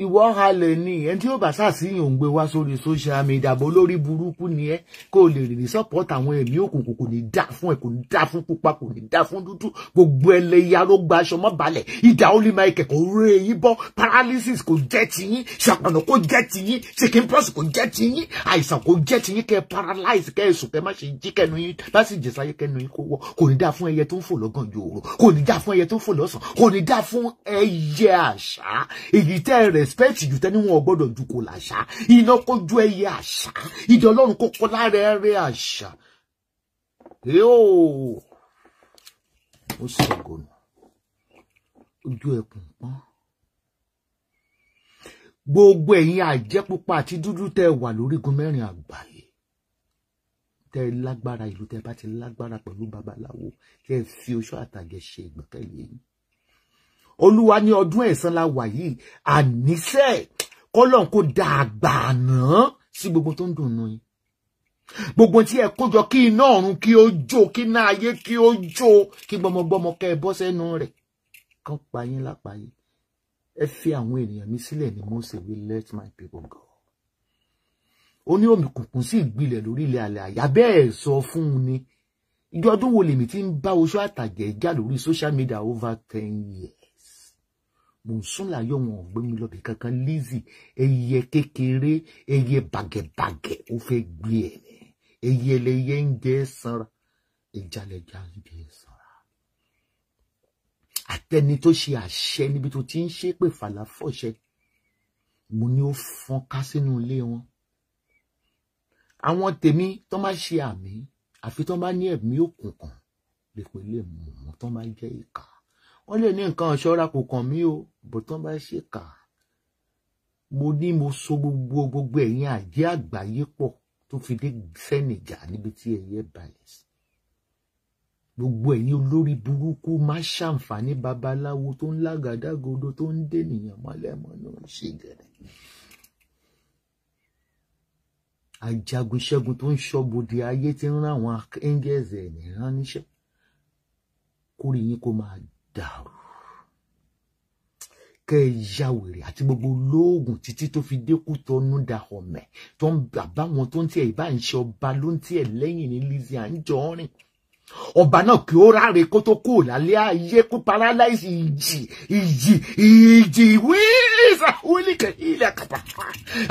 ìwọ halẹ̀ ni ẹni tí ó bá sàṣìyàn ń gbé wá sórí social media bó lórí burúkú ni ẹ kó o lè rìn sọ́pọ̀tà àwọn ẹ̀mí òkùnkùn kò ní dá fún ẹ kò ní dá fún pupa kò ní dá fún dúdú gbogbo ẹlẹ́yà ló gba aṣọ mọ́ balẹ̀ ìdá olè máa kẹ̀kọ́ ré yín bọ́ paralysis kò jẹ́ tiyín ṣàpànà kò jẹ́ tiyín chicken pox kò jẹ́ tiyín àìsàn kò jẹ́ tiyín kẹ́ paralyze kẹ́ sùn kẹ́ má ṣe jí kẹ́nu yín bá sì jẹ́ sáyé kẹ́nu yín kó wọ́ kò ní dá fún ẹyẹ tó ń fò lọ́gàn jòòrò kò ní dá fún ẹyẹ tó ń fò lọ́sàn kò ní dá fún ẹyẹ àṣà èyí tẹ́ rẹ̀ respect jù tẹ́ni wọn gbọ́dọ̀ ju kò làṣà iná kójú ẹyẹ àṣà ìdí ọlọ́run kókó lára ẹrẹ àṣà. ó ṣògùn ojú ẹkùn pọ́n gbogbo ẹ̀yin àjẹpupa àti dúdú tẹ wà lórígun mẹ́rin àgbáyé tẹ lágbára ìlú tẹ bá ti lágbára pẹ̀lú babaláwo kẹ fi oṣó àtàgẹ̀ ṣe ìgbẹ́kẹ̀lé yín olúwa ní ọdún ẹ̀san la wà yìí àníṣe kọ́lọ́n kó da àgbà àná sí gbogbo tó ń dùnnú yín gbogbo tí ẹ kójọ kí iná ọ̀run kí ó jó kí iná ayé kí ó jó kí gbọmọgbọmọ kẹ ẹ bọ́ sẹ́nu rẹ̀ kán pa yín ẹ fi àwọn ènìyàn mi sílẹ̀ ni Mósè wí let my people go ó ní òmìkùnkùn sí ìgbilẹ̀ lórí ilẹ̀ àlẹ́ àyà bẹ́ẹ̀ sọ fún un ni ìjọ ọdún wo lèmi ti ń bá oṣù àtàjẹ́ já lórí social media over ten years mò ń sún láyọ̀ wọn ò gbé mi lọ bí kankan Lizzy ẹyẹ kékeré ẹyẹ bàgẹ̀bàgẹ̀ ó fẹ́ gbé ẹ̀ ní ẹyẹ lẹyẹ ń jẹ sanra ìjàlẹ̀jà ń jẹ sanra àtẹni tó ṣe àṣẹ níbi tó ti ń ṣépè fàlàfọ̀ṣẹ mo ní ó fọ́nká sínú ilé wọn àwọn tèmi tó máa ṣe àmì àfi tó bá ní ẹ̀mí òkùnkùn lè pè lè mọ̀ tó máa jẹ́ ìkà wọ́n lè ní nǹkan ọ̀ṣọ́ra kò kàn mí o bó tán bá ṣe kà mo ní mo so gbogbo gbogbo ẹ̀yin àjẹ́ àgbáyé pọ̀ tó fi dé sẹ́nìjà níbi tí ẹ̀yẹ balẹ̀ sí gbogbo ẹ̀yin olórí burúkú má ṣàǹfààní babaláwo tó ń lágàdàgodo tó ń dènìyàn mọ́lẹ́mọ́ náà ṣe gẹ̀rẹ́ ajagunṣẹ́gun tó ń ṣọ́bodè ayé tí ń rán àwọn angels ẹ̀ nìran níṣẹ́ kórìí yín kó máa dàrú kẹ́ ẹ ya wèrè àti gbogbo olóògùn títí tó fi dékú tọnú da ọmẹ tó ń bàbá wọn tó ń tiẹ̀ ìbá ń ṣe ọba ló ń tiẹ̀ lẹ́yìn ní Lizzy Anjorin ọba náà kí ó ráre kó tó kú lálẹ́ ayé kó paralyze ìjì ìjì ìjì wíìsà wíìlìkẹ̀ ilẹ̀ kàtà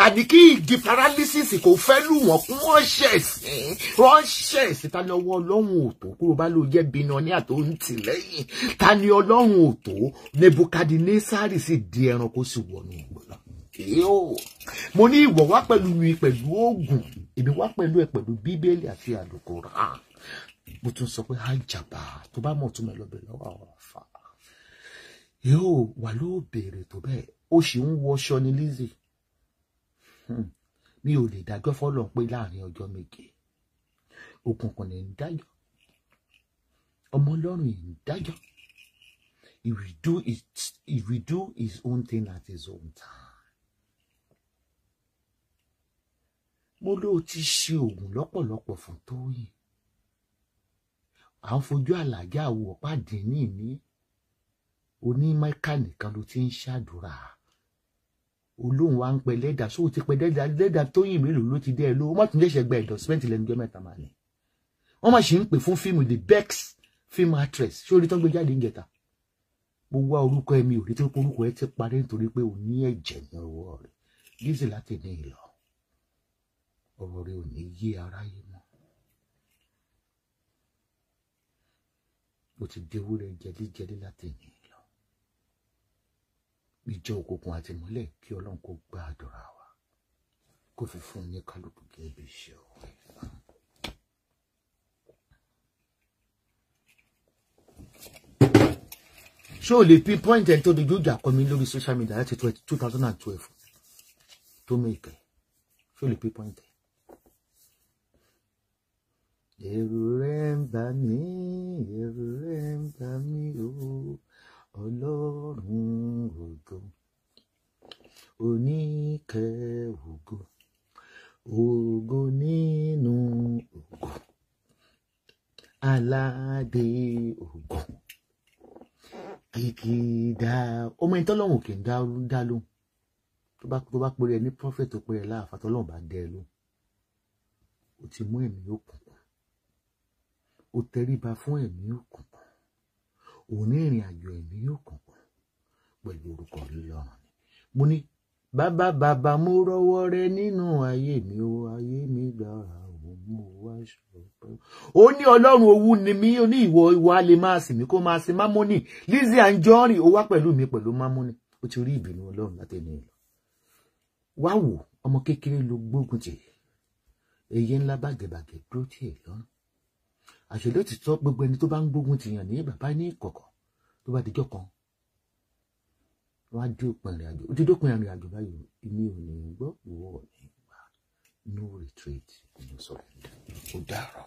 àní kí ìjì paralysis kò fẹ́ lù wọ́n kún rọ́ṣẹ̀ sí rọ́ṣẹ̀ sí ta ni ọwọ́ ọlọ́run òtò kúrò bá ló jẹ́ bínú ní àtòǹtì lẹ́yìn ta ni ọlọ́run òtò nebukadnesari sì di ẹranko sì wọnú ìgbọ̀lá mo ní ìwọ wá pẹ̀lú mi pẹ̀lú oògùn èmi wá pẹ̀lú ẹ pẹ̀lú bíbélì àti àlùkò rà á mo tún sọ pé àjàbá tó bá mọ̀ tó mọ̀ lọ́bẹ̀ lọ́wọ́ àwọn oh, àfa yóò wà ló béèrè tó bẹ́ẹ̀ ó sì ń wọṣọ ní Lizzy hmm. mi ò lè dájọ́ fọ́lọ́ pé láàrin ọjọ́ méje òkùnkùn ní ń dájọ́ ọmọ ọlọ́run ń dájọ́ he will do it he will do his own thing at his own time. mo ló ti ṣe oògùn lọ́pọ̀lọpọ̀ fún Tóyìn à ń fojú àlàjá wo ọ̀páàdì ní ìní onímẹ́kà nìkan ló ti ń ṣàdúrà olóhùn wa ń pẹ lẹ́dà só ti pẹ lẹ́dà lẹ́dà tó yìn mélòó ló ti dé ẹ lówó má tún lẹ́sẹ̀ gba endorsement lẹ́nu jẹ́ mẹ́ta máa ní wọ́n má ṣe ń pè fún fíìmù the bex film actress ṣé orí tán gbé jáde ń jẹta mo wá orúkọ ẹ mi ò rí tó orúkọ ẹ ti parí nítorí pé ò ní ẹ̀jẹ̀ ní ọwọ́ rẹ̀ gíṣì láti ní ìlọ ọ̀rọ̀ rẹ̀ ò ní yé aráyé mo ti di ewúrẹ́ jẹlíjẹlí látẹ̀yìn lọ ìjọ òkùnkùn àti ìmọ́lẹ̀ kí Ọlọ́run kó gba àdúrà wa kó fi fún ní kálukú gẹ́gẹ́ bí iṣẹ́ ọwọ́ ṣé o lè fi point ẹni tó dojú ìjà kọ mi lórí social media láti two thousand and twelve tó mú ìkẹ́ ṣé o lè fi point ẹ̀ ẹ̀rù rẹ̀ ń bà mí ẹ̀rù rẹ̀ ń bà mí o ọlọ́run ògo oníkẹ́ ògo ògo nínú ògo aládé ògo kìkìdá ọmọ ẹni tọ́lọ́run kì í dá lóhùn tó bá tó bá pèrè ní prophet tó pèrè láàfà tọ́lọ́run bá dẹ́ ẹ lóhùn ó ti mú ẹ̀mí yókùn ó tẹríba fún ẹ̀mí òkùnkùn òní ìrìn àjò ẹ̀mí òkùnkùn pẹ̀lú orúkọ líle ọ̀ràn ni mo ní bàbá bàbá mo rọ́wọ́ rẹ nínú ayé mi o ayé mi gbà ó mú wá ṣọpẹ́. ó ní ọlọ́run owú ni mí ó ní ìwọ ìwà lè máa sìn mí kó máa sin mámónì Lizzy Anjorin ó wá pẹ̀lú mi pẹ̀lú mámónì ó ti rí ìbínú ọlọ́run látẹnu ìlú. wá wò ọmọ kékeré ló gbógun tì èyí ńlá bàgẹ̀bàgẹ̀ dúró tì ẹ̀ lọ́rùn àṣẹlótìtọ́ gbogbo ẹni tó bá ń gbógun tìyàn ní bàbá ní ìkọ̀kọ̀ tó bá dijọ́ kan wọ́n á dé òpin ìrìn àjò òtítọ́ òpin ìrìn àjò báyìí èmi ò ní gbọ́ ìwọ ò ní gbà no retreat no surrender ó dàrọ̀.